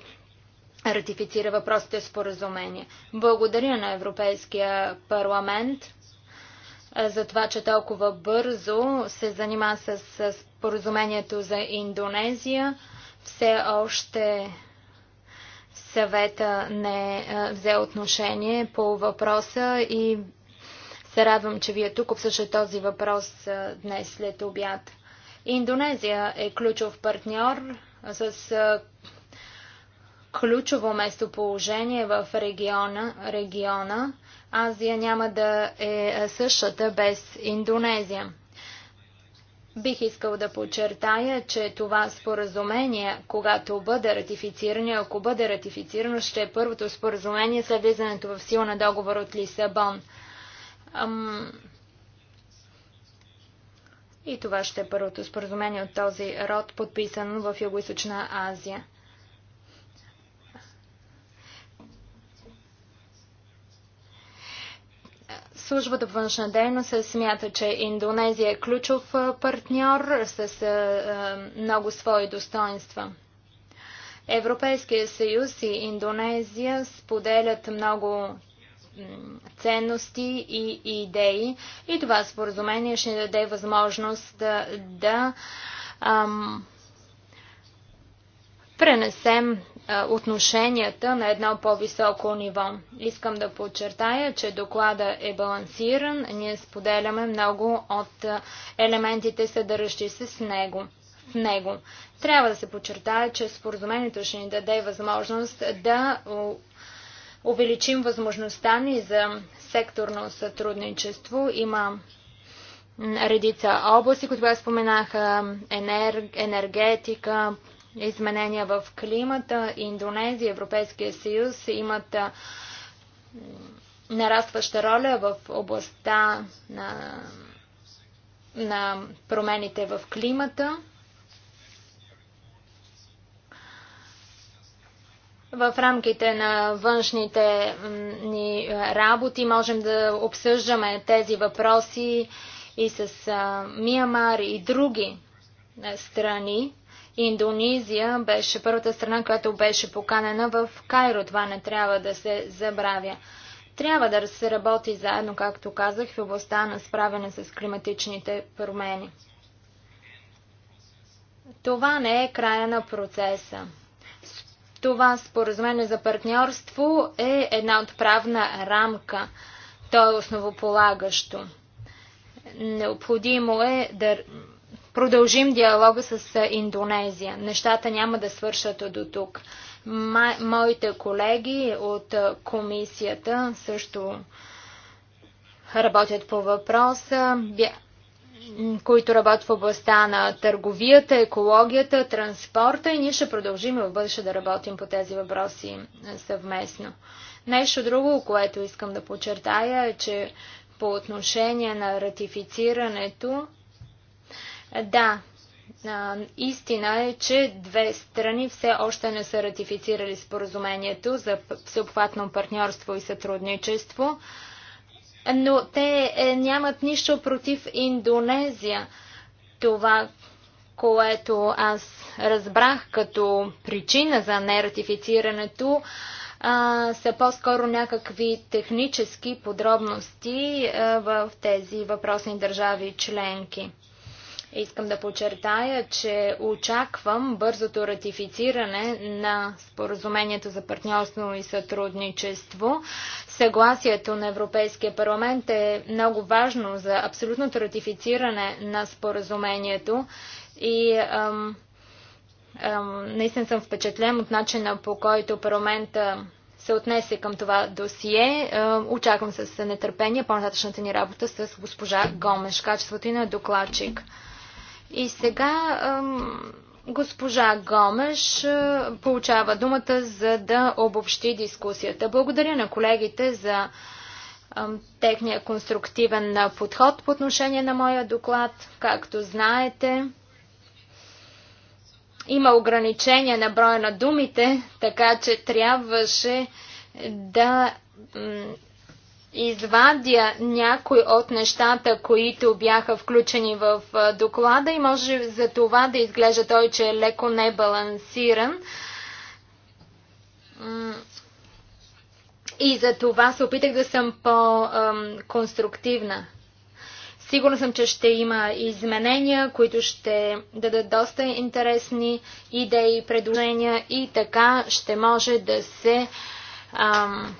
B: ратифицира въпросите споразумение. Благодаря на Европейския парламент за това, че толкова бързо се занима с споразумението за Индонезия. Все още съвета не взе отношение по въпроса и се радвам, че вие тук обсъждате този въпрос днес след обяд. Индонезия е ключов партньор, с ключово местоположение в региона, региона Азия няма да е същата без Индонезия. Бих искал да подчертая, че това споразумение, когато бъде ратифицирано, ако бъде ратифицирано, ще е първото споразумение след влизането в сила на договор от Лисабон. И това ще е първото споразумение от този род, подписано в Юго-Источна Азия. службата външна дейност смята, че Индонезия е ключов партньор с много свои достоинства. Европейския съюз и Индонезия споделят много ценности и идеи и това споразумение ще даде възможност да, да ам, пренесем отношенията на едно по-високо ниво. Искам да подчертая, че доклада е балансиран, ние споделяме много от елементите, съдържащи се с него. В него. Трябва да се подчертая, че споразумението ще ни даде възможност да увеличим възможността ни за секторно сътрудничество. Има редица области, които споменаха енерг, енергетика, изменения в климата, Индонезия, Европейския съюз имат нарастваща роля в областта на, на промените в климата. В рамките на външните ни работи можем да обсъждаме тези въпроси и с Миямар и други страни. Индонезия беше първата страна, която беше поканена в Кайро. Това не трябва да се забравя. Трябва да се работи заедно, както казах, в областта на справяне с климатичните промени. Това не е края на процеса. Това споразумение за партньорство е една отправна рамка. То е основополагащо. Необходимо е да продължим диалога с е, Индонезия. Нещата няма да свършат до тук. Моите колеги от е, комисията също работят по въпроса, които работят в областта на търговията, екологията, транспорта и ние ще продължим в бъдеще да работим по тези въпроси е, съвместно. Нещо друго, което искам да подчертая е, че по отношение на ратифицирането да, истина е, че две страни все още не са ратифицирали споразумението за всеобхватно партньорство и сътрудничество, но те е, нямат нищо против Индонезия. Това, което аз разбрах като причина за нератифицирането, са по-скоро някакви технически подробности в тези въпросни държави членки. Искам да подчертая, че очаквам бързото ратифициране на споразумението за партньорство и сътрудничество. Съгласието на Европейския парламент е много важно за абсолютното ратифициране на споразумението и ам, ам, наистина съм впечатлен от начина по който парламента се отнесе към това досие. Е, очаквам с нетърпение по-нататъчната ни работа с госпожа Гомеш, качеството и на докладчик. И сега госпожа Гомеш получава думата, за да обобщи дискусията. Благодаря на колегите за техния конструктивен подход по отношение на моя доклад. Както знаете, има ограничение на броя на думите, така че трябваше да извадя някои от нещата, които бяха включени в доклада и може за това да изглежда той, че е леко небалансиран. И за това се опитах да съм по-конструктивна. Сигурна съм, че ще има изменения, които ще дадат доста интересни идеи, предложения и така ще може да се ам,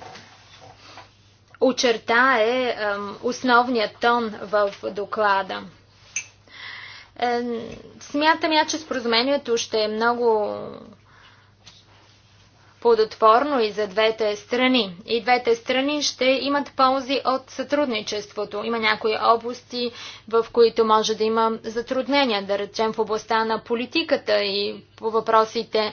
B: очертае основният тон в доклада. Смятам я, че споразумението ще е много плодотворно и за двете страни. И двете страни ще имат ползи от сътрудничеството. Има някои области, в които може да има затруднения, да речем в областта на политиката и по въпросите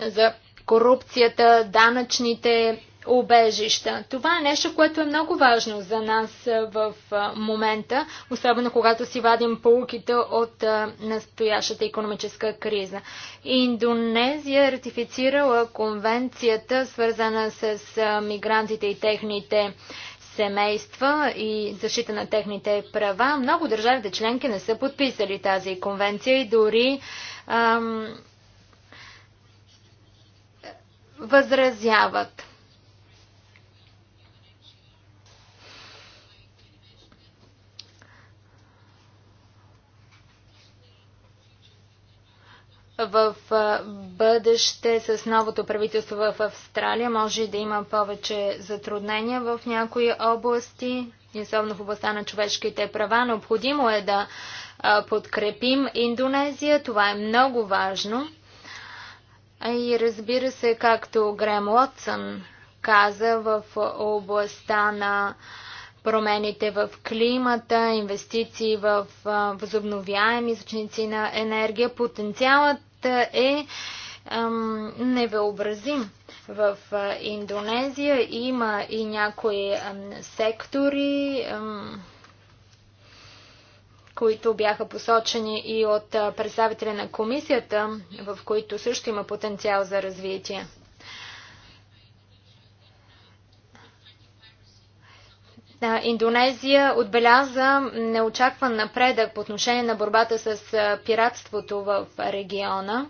B: за корупцията, данъчните убежища. Това е нещо, което е много важно за нас в момента, особено когато си вадим полуките от настоящата економическа криза. Индонезия е ратифицирала конвенцията, свързана с мигрантите и техните семейства и защита на техните права. Много държавите членки не са подписали тази конвенция и дори ам, възразяват. в бъдеще с новото правителство в Австралия може да има повече затруднения в някои области, особено в областта на човешките права. Необходимо е да подкрепим Индонезия. Това е много важно. И разбира се, както Грем Уотсън каза в областта на промените в климата, инвестиции в възобновяеми източници на енергия, потенциалът е невъобразим. В Индонезия има и някои сектори, които бяха посочени и от представителя на комисията, в които също има потенциал за развитие. Индонезия отбеляза неочакван напредък по отношение на борбата с пиратството в региона.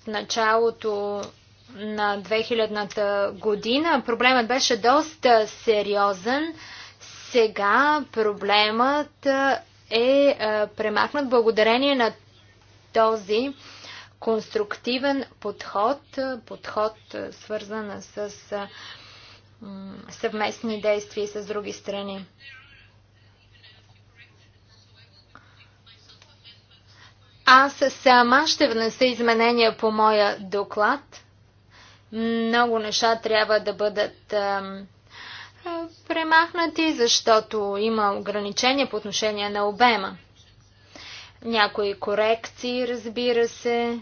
B: В началото на 2000-та година проблемът беше доста сериозен. Сега проблемът е премахнат благодарение на този конструктивен подход, подход свързан с съвместни действия с други страни. Аз сама ще внеса изменения по моя доклад. Много неща трябва да бъдат премахнати, защото има ограничения по отношение на обема. Някои корекции, разбира се,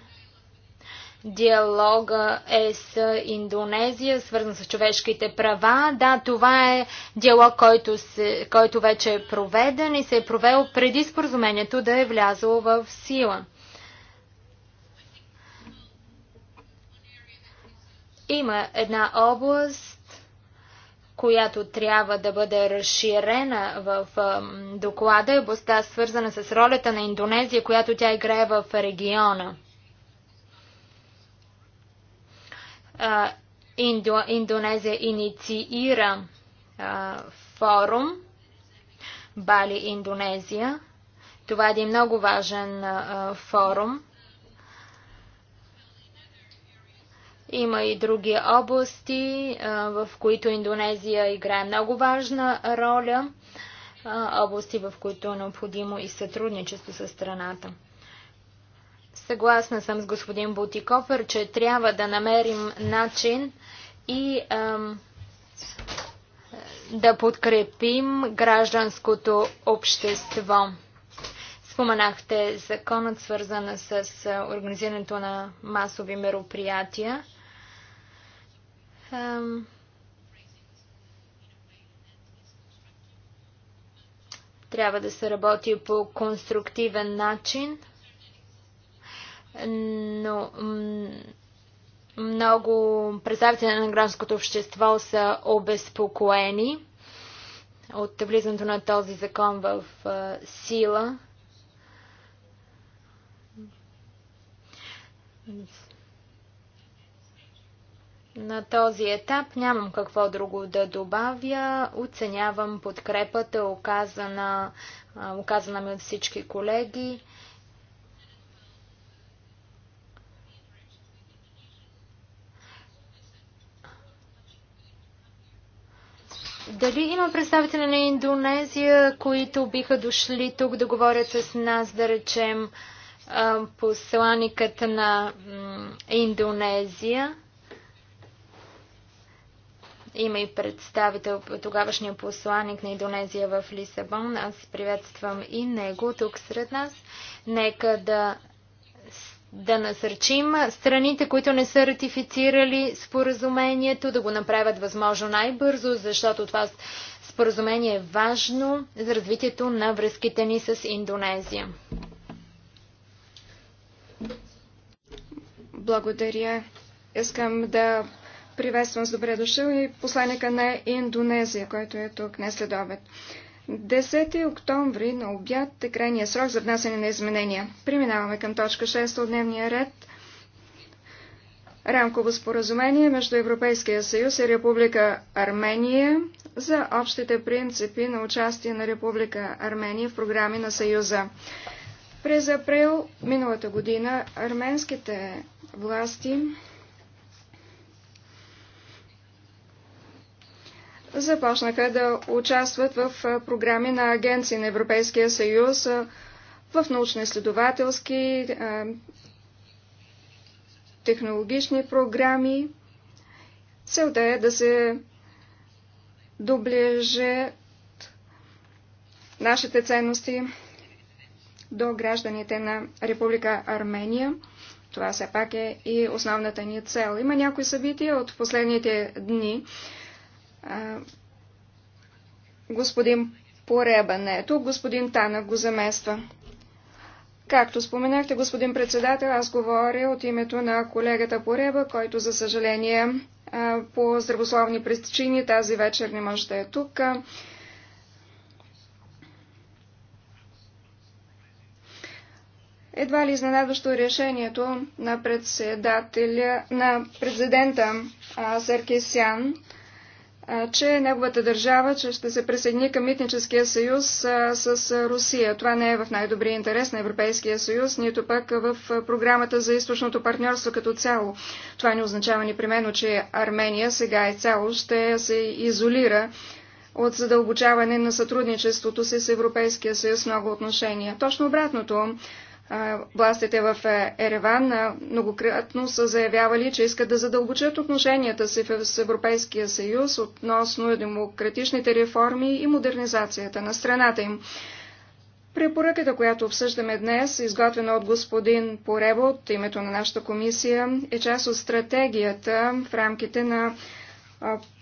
B: диалога е с Индонезия, свързан с човешките права. Да, това е диалог, който, се, който вече е проведен и се е провел преди споразумението да е влязло в сила. Има една област, която трябва да бъде разширена в доклада, областта свързана с ролята на Индонезия, която тя играе в региона. Индо, Индонезия инициира а, форум Бали Индонезия. Това е един много важен а, форум. Има и други области, а, в които Индонезия играе много важна роля. А, области, в които е необходимо и сътрудничество с страната. Съгласна съм с господин Бутикофер, че трябва да намерим начин и ам, да подкрепим гражданското общество. Споменахте законът, свързан с организирането на масови мероприятия. Ам, трябва да се работи по конструктивен начин – но много представители на гражданското общество са обезпокоени от влизането на този закон в сила. На този етап нямам какво друго да добавя. Оценявам подкрепата, оказана, оказана ми от всички колеги. Дали има представители на Индонезия, които биха дошли тук да говорят с нас, да речем, посланикът на Индонезия? Има и представител, тогавашния посланник на Индонезия в Лисабон. Аз приветствам и него тук сред нас. Нека да да насърчим страните, които не са ратифицирали споразумението, да го направят възможно най-бързо, защото това споразумение е важно за развитието на връзките ни с Индонезия.
C: Благодаря. Искам да приветствам с добре дошъл и посланника на Индонезия, който е тук не след обед. 10 октомври на обяд е крайния срок за внасяне на изменения. Преминаваме към точка 6 от дневния ред. Рамково споразумение между Европейския съюз и Република Армения за общите принципи на участие на Република Армения в програми на Съюза. През април миналата година арменските власти започнаха да участват в програми на агенции на Европейския съюз в научно-изследователски, технологични програми. Целта е да се доближат нашите ценности до гражданите на Република Армения. Това все пак е и основната ни цел. Има някои събития от последните дни, господин Пореба не е тук, господин Танък го замества. Както споменахте, господин председател, аз говоря от името на колегата Пореба, който, за съжаление, по здравословни причини тази вечер не може да е тук. Едва ли изненадващо решението на председателя, на президента Саркисян че неговата държава че ще се присъедини към митническия съюз с Русия. Това не е в най-добрия интерес на Европейския съюз, нито пък в програмата за източното партньорство като цяло. Това не означава непременно, че Армения сега е цяло ще се изолира от задълбочаване на сътрудничеството си с Европейския съюз в много отношения. Точно обратното, Властите в е, Ереван многократно са заявявали, че искат да задълбочат отношенията си с Европейския съюз относно демократичните реформи и модернизацията на страната им. Препоръката, която обсъждаме днес, изготвена от господин Поребо от името на нашата комисия, е част от стратегията в рамките на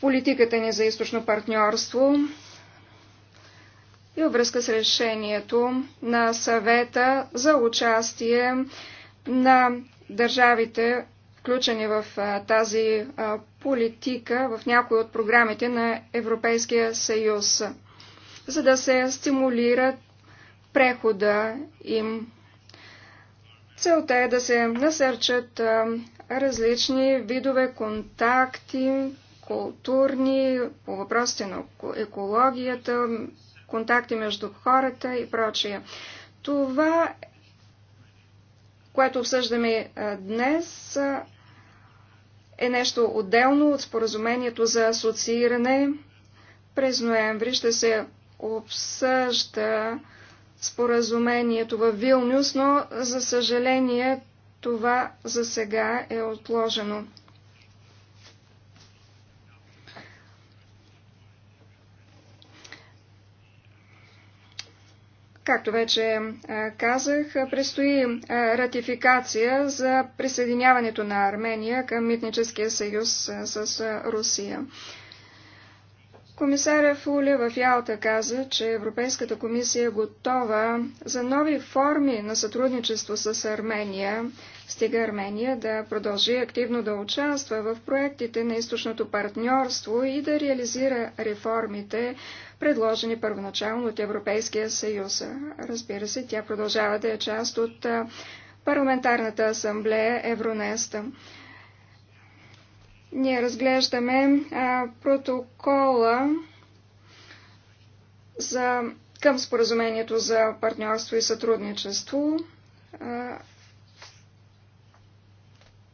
C: политиката ни за източно партньорство и във връзка с решението на съвета за участие на държавите, включени в тази политика, в някои от програмите на Европейския съюз, за да се стимулират прехода им. Целта е да се насърчат различни видове контакти, културни, по въпросите на екологията, контакти между хората и прочие. Това, което обсъждаме е, днес, е, е нещо отделно от споразумението за асоцииране. През ноември ще се обсъжда споразумението във Вилнюс, но за съжаление това за сега е отложено. Както вече казах, предстои ратификация за присъединяването на Армения към Митническия съюз с Русия. Комисаря Фуле в Ялта каза, че Европейската комисия е готова за нови форми на сътрудничество с Армения, стига Армения да продължи активно да участва в проектите на източното партньорство и да реализира реформите, предложени първоначално от Европейския съюз. Разбира се, тя продължава да е част от Парламентарната асамблея Евронеста. Ние разглеждаме а, протокола за, към споразумението за партньорство и сътрудничество. А,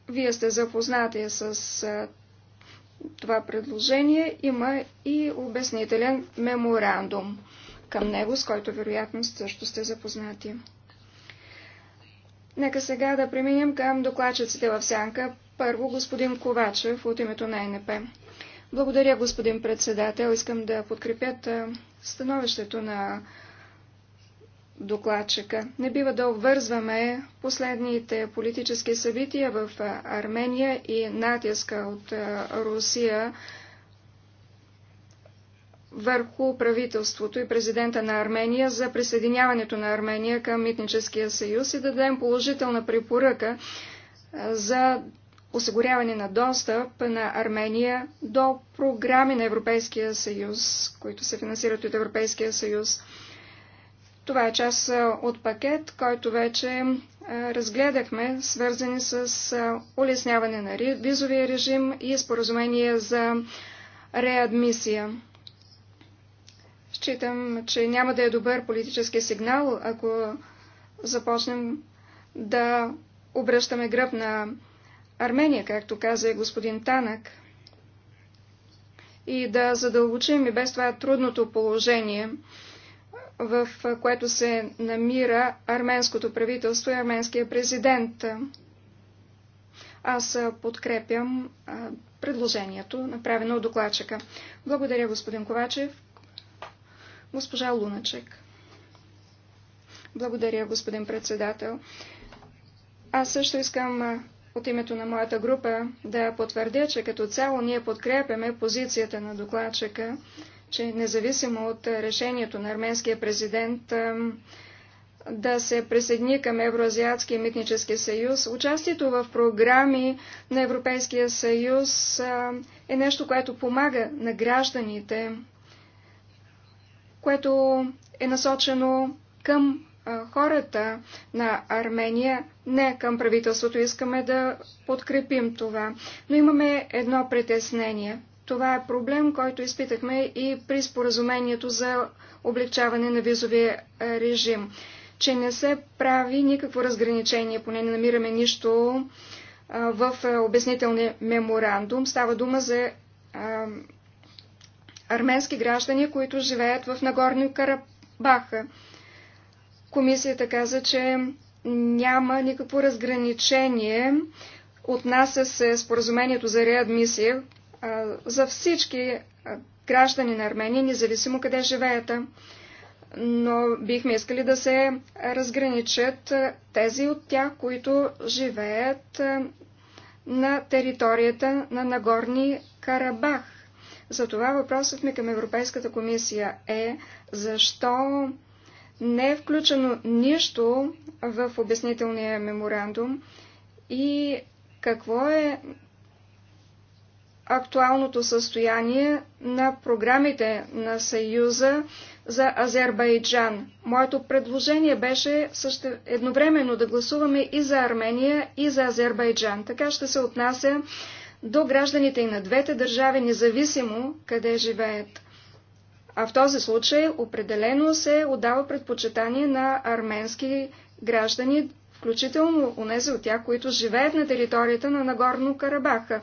C: вие сте запознати с а, това предложение. Има и обяснителен меморандум към него, с който вероятно също сте запознати. Нека сега да преминем към докладчиците в сянка. Първо, господин Ковачев от името на НП. Благодаря, господин председател. Искам да подкрепят становището на докладчика. Не бива да обвързваме последните политически събития в Армения и натиска от Русия върху правителството и президента на Армения за присъединяването на Армения към Митническия съюз и да дадем положителна препоръка за осигуряване на достъп на Армения до програми на Европейския съюз, които се финансират от Европейския съюз. Това е част от пакет, който вече разгледахме, свързани с улесняване на визовия режим и споразумение за реадмисия. Считам, че няма да е добър политически сигнал, ако започнем да обръщаме гръб на Армения, както каза и господин Танък, и да задълбочим и без това трудното положение, в което се намира арменското правителство и арменския президент. Аз подкрепям предложението, направено от докладчика. Благодаря, господин Ковачев. Госпожа Луначек. Благодаря, господин председател. Аз също искам от името на моята група да потвърдя, че като цяло ние подкрепяме позицията на докладчика, че независимо от решението на арменския президент да се присъедини към Евроазиатския митнически съюз, участието в програми на Европейския съюз е нещо, което помага на гражданите, което е насочено към хората на Армения, не към правителството. Искаме да подкрепим това. Но имаме едно притеснение. Това е проблем, който изпитахме и при споразумението за облегчаване на визовия е, режим. Че не се прави никакво разграничение, поне не намираме нищо в е, обяснителния меморандум. Става дума за е, арменски граждани, които живеят в Нагорни Карабаха. Комисията каза, че няма никакво разграничение. Отнася се споразумението за реадмисия за всички граждани на Армения, независимо къде живеят. Но бихме искали да се разграничат тези от тях, които живеят на територията на Нагорни Карабах. Затова въпросът ми към Европейската комисия е защо не е включено нищо в обяснителния меморандум и какво е актуалното състояние на програмите на Съюза за Азербайджан. Моето предложение беше също едновременно да гласуваме и за Армения, и за Азербайджан. Така ще се отнася до гражданите и на двете държави, независимо къде живеят. А в този случай определено се отдава предпочитание на арменски граждани, включително унези от тях, които живеят на територията на Нагорно Карабаха.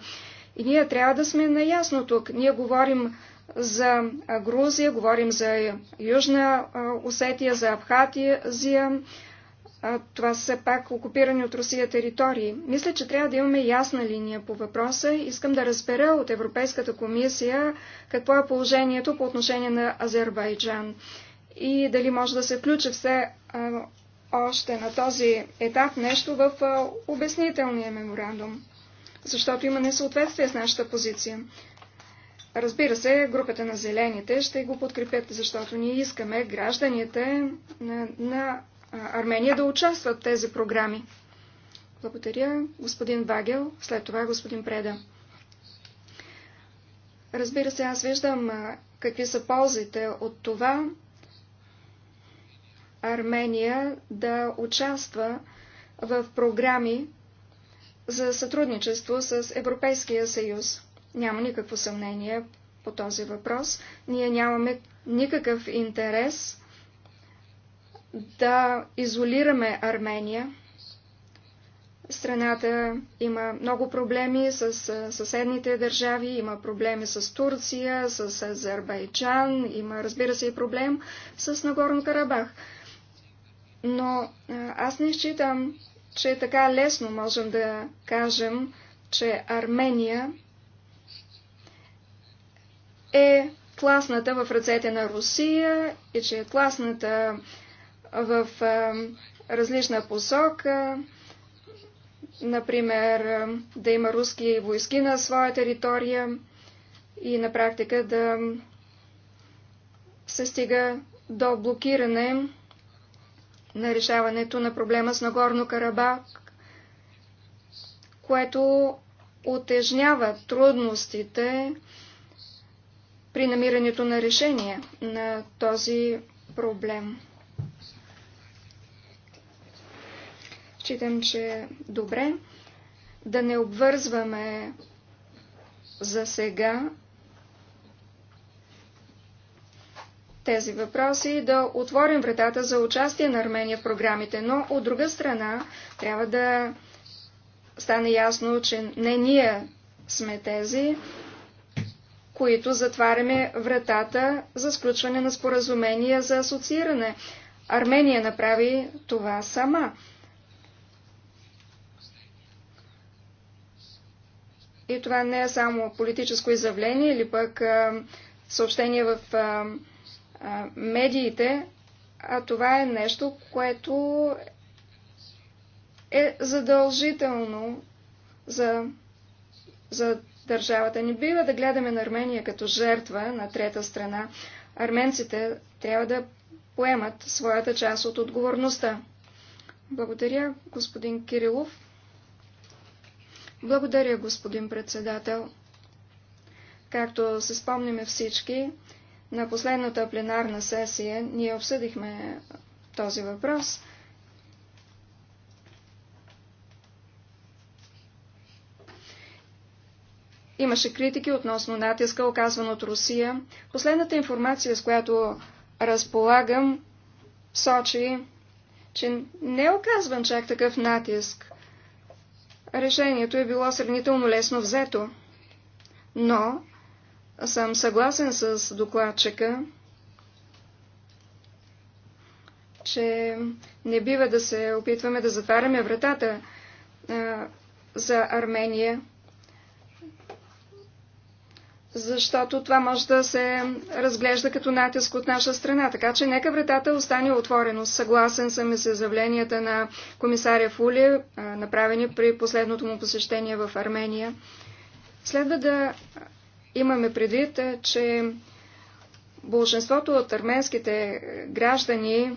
C: И ние трябва да сме наясно тук. Ние говорим за Грузия, говорим за Южна Осетия, за Абхатия, това са пак окупирани от Русия територии. Мисля, че трябва да имаме ясна линия по въпроса. Искам да разбера от Европейската комисия какво е положението по отношение на Азербайджан и дали може да се включи все а, още на този етап нещо в а, обяснителния меморандум, защото има несъответствие с нашата позиция. Разбира се, групата на зелените ще го подкрепят, защото ние искаме гражданите на, на Армения да участват в тези програми. Благодаря, господин Вагел, след това господин Преда. Разбира се, аз виждам какви са ползите от това Армения да участва в програми за сътрудничество с Европейския съюз. Няма никакво съмнение по този въпрос. Ние нямаме никакъв интерес да изолираме Армения. Страната има много проблеми с съседните държави, има проблеми с Турция, с Азербайджан, има, разбира се, и проблем с Нагорно Карабах. Но аз не считам, че е така лесно можем да кажем, че Армения е класната в ръцете на Русия и че е класната в различна посока. Например, да има руски войски на своя територия и на практика да се стига до блокиране на решаването на проблема с Нагорно Карабак, което отежнява трудностите при намирането на решение на този проблем. Считам, че е добре да не обвързваме за сега тези въпроси, да отворим вратата за участие на Армения в програмите, но от друга страна трябва да стане ясно, че не ние сме тези, които затваряме вратата за сключване на споразумения за асоцииране. Армения направи това сама. И това не е само политическо изявление или пък а, съобщение в а, а, медиите, а това е нещо, което е задължително за, за държавата. Не бива да гледаме на Армения като жертва на трета страна. Арменците трябва да поемат своята част от отговорността. Благодаря, господин Кирилов. Благодаря, господин председател. Както се спомниме всички, на последната пленарна сесия ние обсъдихме този въпрос. Имаше критики относно натиска, оказван от Русия. Последната информация, с която разполагам, сочи, че не е оказван чак такъв натиск. Решението е било сравнително лесно взето, но съм съгласен с докладчика, че не бива да се опитваме да затваряме вратата а, за Армения защото това може да се разглежда като натиск от наша страна. Така че нека вратата остане отворено. Съгласен съм и с изявленията на комисаря Фули, направени при последното му посещение в Армения. Следва да имаме предвид, че Болшинството от арменските граждани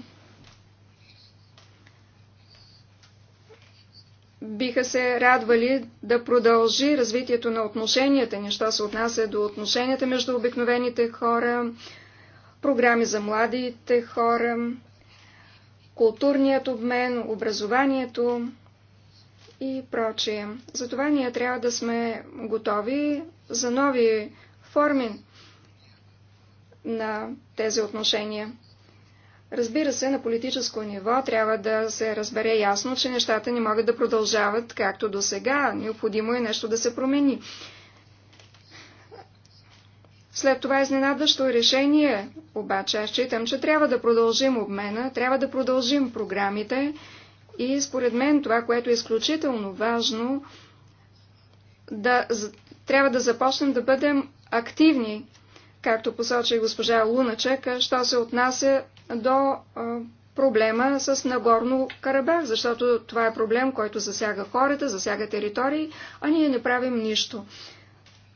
C: биха се радвали да продължи развитието на отношенията ни, що се отнася до отношенията между обикновените хора, програми за младите хора, културният обмен, образованието и прочие. Затова ние трябва да сме готови за нови форми на тези отношения. Разбира се, на политическо ниво трябва да се разбере ясно, че нещата не могат да продължават както до сега. Необходимо е нещо да се промени. След това изненадващо решение, обаче аз считам, че трябва да продължим обмена, трябва да продължим програмите и според мен това, което е изключително важно, да, трябва да започнем да бъдем активни, както посочи госпожа Луначек, що се отнася до проблема с Нагорно Карабах, защото това е проблем, който засяга хората, засяга територии, а ние не правим нищо.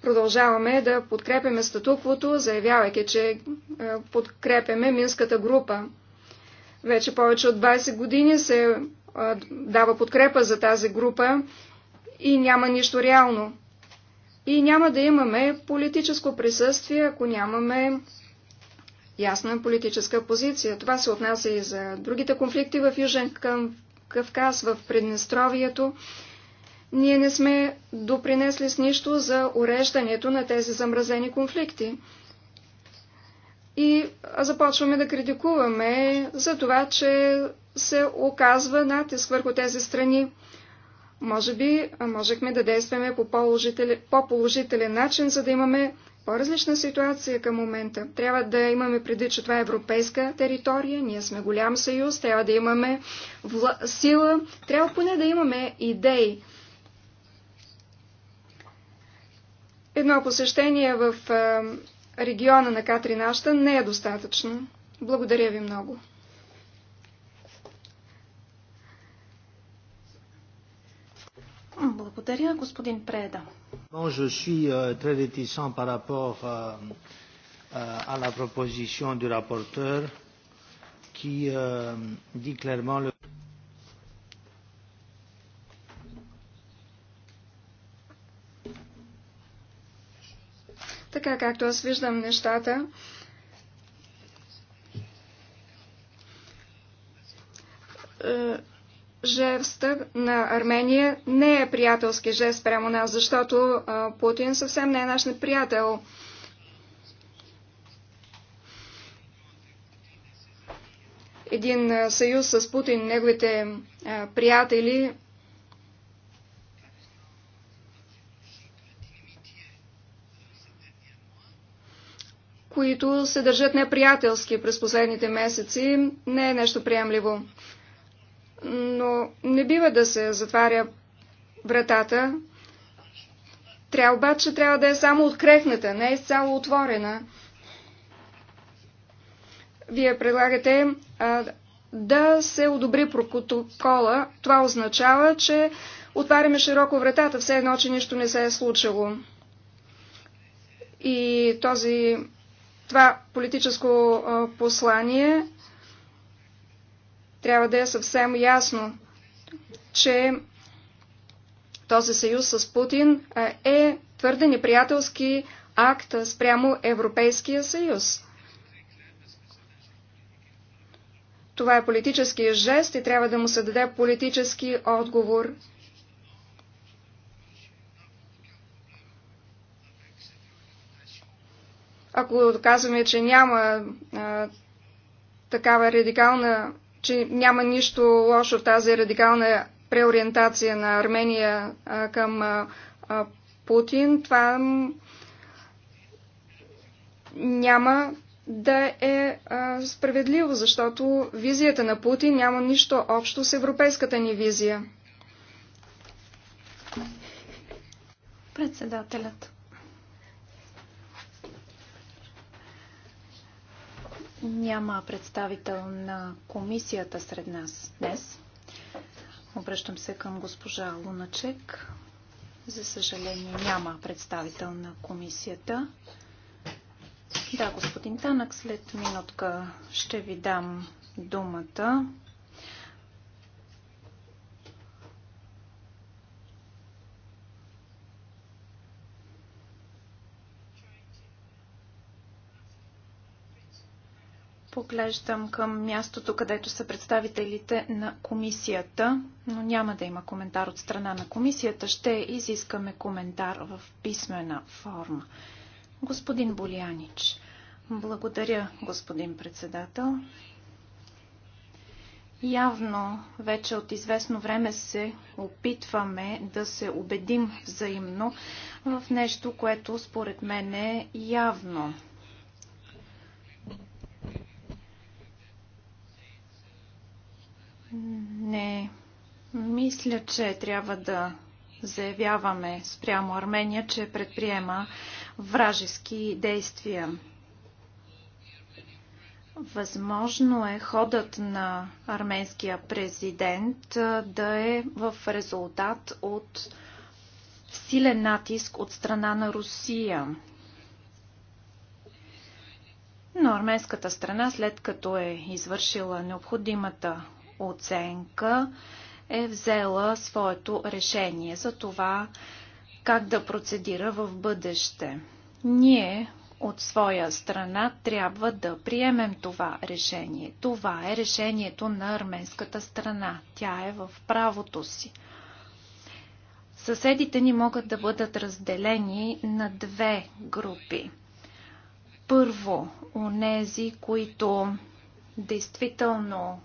C: Продължаваме да подкрепяме статуквото, заявявайки, че подкрепяме Минската група. Вече повече от 20 години се дава подкрепа за тази група и няма нищо реално. И няма да имаме политическо присъствие, ако нямаме ясна е политическа позиция. Това се отнася и за другите конфликти в Южен Кавказ, в Приднестровието. Ние не сме допринесли с нищо за уреждането на тези замразени конфликти. И започваме да критикуваме за това, че се оказва натиск върху тези страни. Може би можехме да действаме по положителен, по положителен начин, за да имаме по-различна ситуация към момента. Трябва да имаме преди, че това е европейска територия, ние сме голям съюз, трябва да имаме вла... сила, трябва поне да имаме идеи. Едно посещение в региона на Катрин не е достатъчно. Благодаря ви много. Благодаря, господин
A: Преда.
B: Non, je suis euh, très réticent par rapport euh, euh, à la proposition du rapporteur qui euh, dit clairement le.
C: Така както аз виждам нещата, е, жеста на Армения не е приятелски жест прямо нас, защото Путин съвсем не е наш неприятел. Един съюз с Путин, неговите приятели, които се държат неприятелски през последните месеци, не е нещо приемливо но не бива да се затваря вратата. Трябва обаче трябва да е само открехната, не е цяло отворена. Вие предлагате а, да се одобри протокола. Това означава, че отваряме широко вратата, все едно, че нищо не се е случило. И този, това политическо а, послание трябва да е съвсем ясно, че този съюз с Путин е твърде неприятелски акт спрямо Европейския съюз. Това е политически жест и трябва да му се даде политически отговор. Ако казваме, че няма а, такава радикална че няма нищо лошо в тази радикална преориентация на Армения към Путин. Това няма да е а, справедливо, защото визията на Путин няма нищо общо с европейската ни визия. Председателят.
A: Няма представител на комисията сред нас днес. Обръщам се към госпожа Луначек. За съжаление няма представител на комисията. Да, господин Танък, след минутка ще ви дам думата. Поглеждам към мястото, където са представителите на комисията, но няма да има коментар от страна на комисията. Ще изискаме коментар в писмена форма. Господин Болянич, благодаря, господин председател. Явно вече от известно време се опитваме да се убедим взаимно в нещо, което според мен е явно. Не. Мисля, че трябва да заявяваме спрямо Армения, че предприема вражески действия. Възможно е ходът на арменския президент да е в резултат от силен натиск от страна на Русия. Но арменската страна, след като е извършила необходимата оценка е взела своето решение за това как да процедира в бъдеще. Ние от своя страна трябва да приемем това решение. Това е решението на арменската страна. Тя е в правото си. Съседите ни могат да бъдат разделени на две групи. Първо, онези, които действително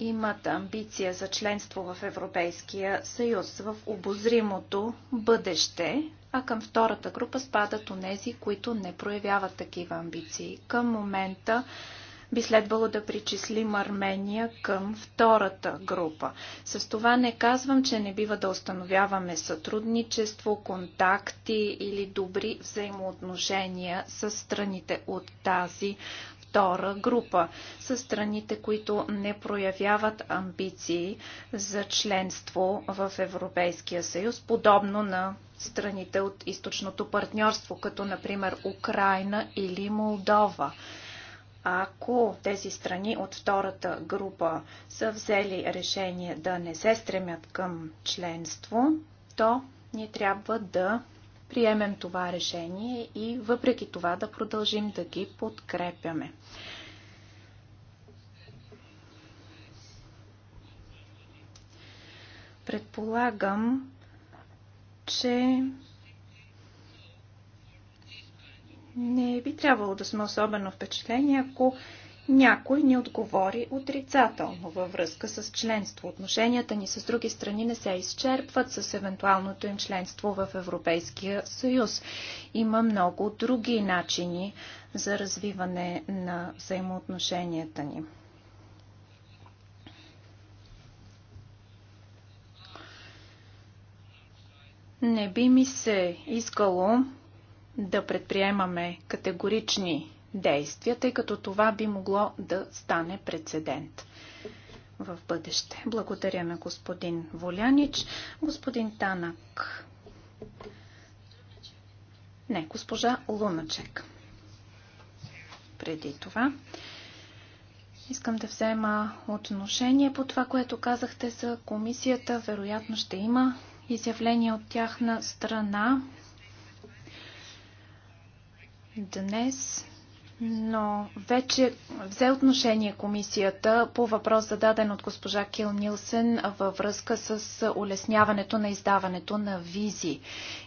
A: имат амбиция за членство в Европейския съюз в обозримото бъдеще, а към втората група спадат онези, които не проявяват такива амбиции. Към момента би следвало да причислим Армения към втората група. С това не казвам, че не бива да установяваме сътрудничество, контакти или добри взаимоотношения с страните от тази втора група с страните, които не проявяват амбиции за членство в Европейския съюз, подобно на страните от източното партньорство, като например Украина или Молдова. Ако тези страни от втората група са взели решение да не се стремят към членство, то ние трябва да приемем това решение и въпреки това да продължим да ги подкрепяме. Предполагам, че не би трябвало да сме особено впечатлени, ако някой ни отговори отрицателно във връзка с членство. Отношенията ни с други страни не се изчерпват с евентуалното им членство в Европейския съюз. Има много други начини за развиване на взаимоотношенията ни. Не би ми се искало да предприемаме категорични действия, тъй като това би могло да стане прецедент в бъдеще. Благодаря на господин Волянич. Господин Танак. Не, госпожа Луначек. Преди това. Искам да взема отношение по това, което казахте за комисията. Вероятно ще има изявление от тяхна страна. Днес но вече взе отношение комисията по въпрос зададен от госпожа Кил Нилсен във връзка с улесняването на издаването на визи.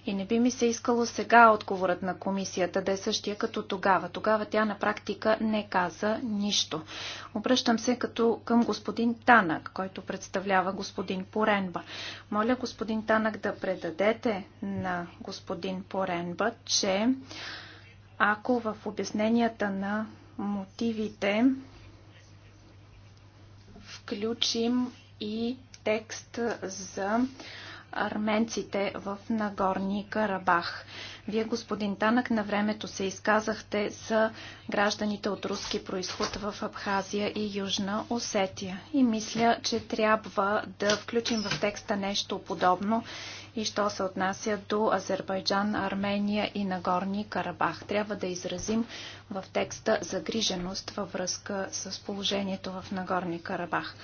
A: И не би ми се искало сега отговорът на комисията да е същия като тогава. Тогава тя на практика не каза нищо. Обръщам се като към господин Танък, който представлява господин Поренба. Моля господин Танък да предадете на господин Поренба, че ако в обясненията на мотивите включим и текст за арменците в Нагорни Карабах. Вие, господин Танък, на времето се изказахте за гражданите от руски происход в Абхазия и Южна Осетия. И мисля, че трябва да включим в текста нещо подобно и що се отнася до Азербайджан, Армения и Нагорни Карабах. Трябва да изразим в текста загриженост във връзка с положението в Нагорни Карабах.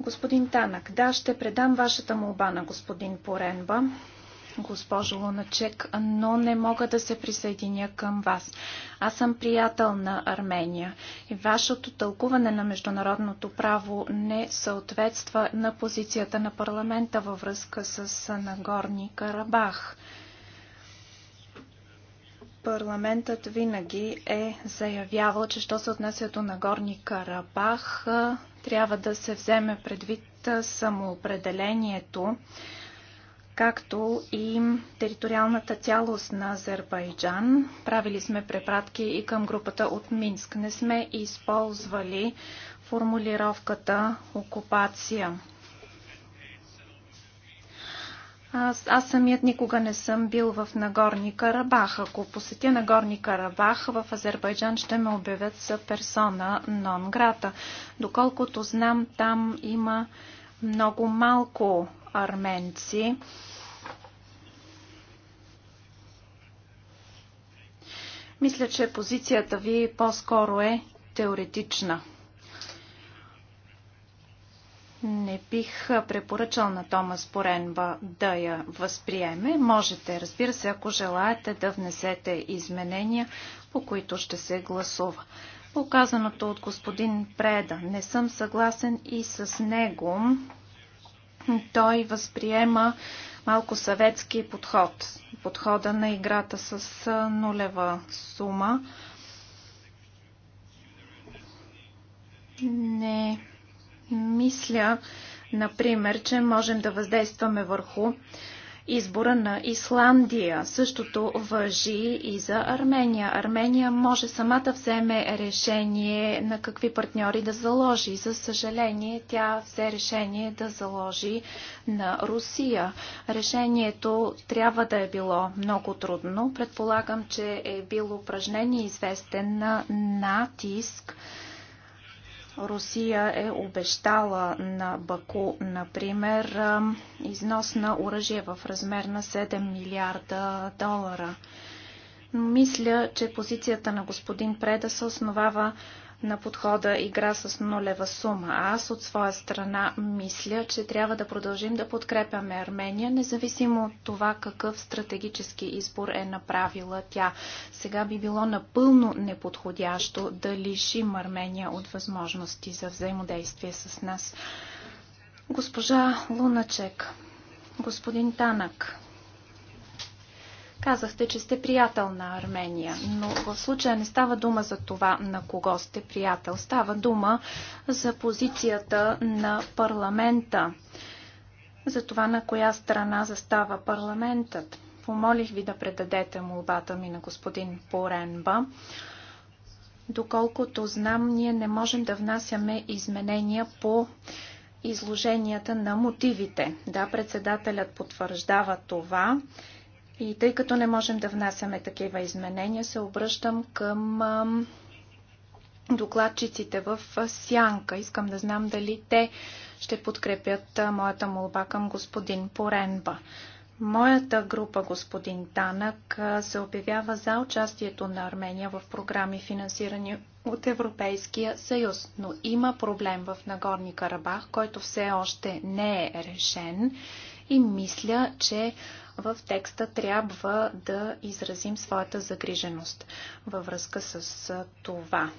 A: Господин Танак, да, ще предам вашата молба на господин Поренба госпожо Луначек, но не мога да се присъединя към вас. Аз съм приятел на Армения и вашето тълкуване на международното право не съответства на позицията на парламента във връзка с Нагорни Карабах парламентът винаги е заявявал, че що се отнася до Нагорни Карабах, трябва да се вземе предвид самоопределението както и териториалната цялост на Азербайджан. Правили сме препратки и към групата от Минск. Не сме използвали формулировката окупация. Аз, аз самият никога не съм бил в Нагорни Карабах. Ако посетя Нагорни Карабах, в Азербайджан ще ме обявят за персона нон грата. Доколкото знам, там има много малко арменци. Мисля, че позицията ви по-скоро е теоретична. Не бих препоръчал на Томас Поренба да я възприеме. Можете, разбира се, ако желаете да внесете изменения, по които ще се гласува. По казаното от господин Преда, не съм съгласен и с него. Той възприема малко съветски подход подхода на играта с нулева сума. Не мисля, например, че можем да въздействаме върху избора на Исландия. Същото въжи и за Армения. Армения може сама да вземе решение на какви партньори да заложи. За съжаление, тя взе решение да заложи на Русия. Решението трябва да е било много трудно. Предполагам, че е било упражнение известен на натиск Русия е обещала на Баку, например, износ на оръжие в размер на 7 милиарда долара. Мисля, че позицията на господин Преда се основава на подхода игра с нулева сума. Аз от своя страна мисля, че трябва да продължим да подкрепяме Армения, независимо от това какъв стратегически избор е направила тя. Сега би било напълно неподходящо да лишим Армения от възможности за взаимодействие с нас. Госпожа Луначек, господин Танък, Казахте, че сте приятел на Армения, но в случая не става дума за това на кого сте приятел. Става дума за позицията на парламента, за това на коя страна застава парламентът. Помолих ви да предадете молбата ми на господин Поренба. Доколкото знам, ние не можем да внасяме изменения по изложенията на мотивите. Да, председателят потвърждава това. И тъй като не можем да внасяме такива изменения, се обръщам към докладчиците в Сянка. Искам да знам дали те ще подкрепят моята молба към господин Поренба. Моята група, господин Танък, се обявява за участието на Армения в програми, финансирани от Европейския съюз, но има проблем в Нагорни Карабах, който все още не е решен и мисля, че в текста трябва да изразим своята загриженост във връзка с това.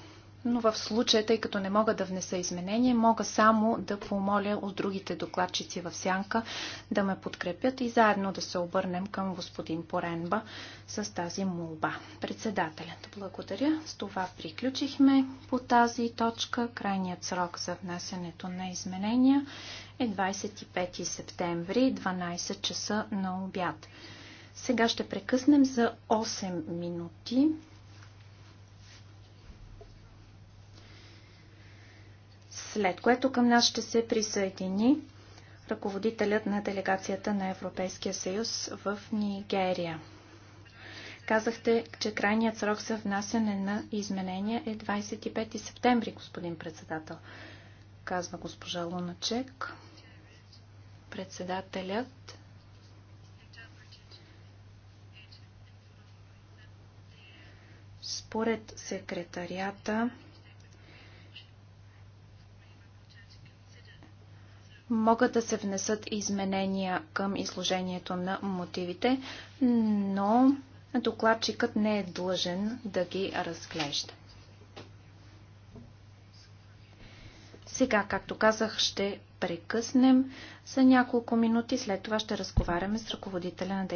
A: Но в случая, тъй като не мога да внеса изменение, мога само да помоля от другите докладчици в сянка да ме подкрепят и заедно да се обърнем към господин Поренба с тази молба. Председателят, благодаря. С това приключихме по тази точка. Крайният срок за внасянето на изменения е 25 септември, 12 часа на обяд. Сега ще прекъснем за 8 минути. След което към нас ще се присъедини ръководителят на делегацията на Европейския съюз в Нигерия. Казахте, че крайният срок за внасяне на изменения е 25 септември, господин председател, казва госпожа Луначек. Председателят според секретарията могат да се внесат изменения към изложението на мотивите, но докладчикът не е длъжен да ги разглежда. Сега, както казах, ще прекъснем за няколко минути. След това ще разговаряме с ръководителя на делегацията.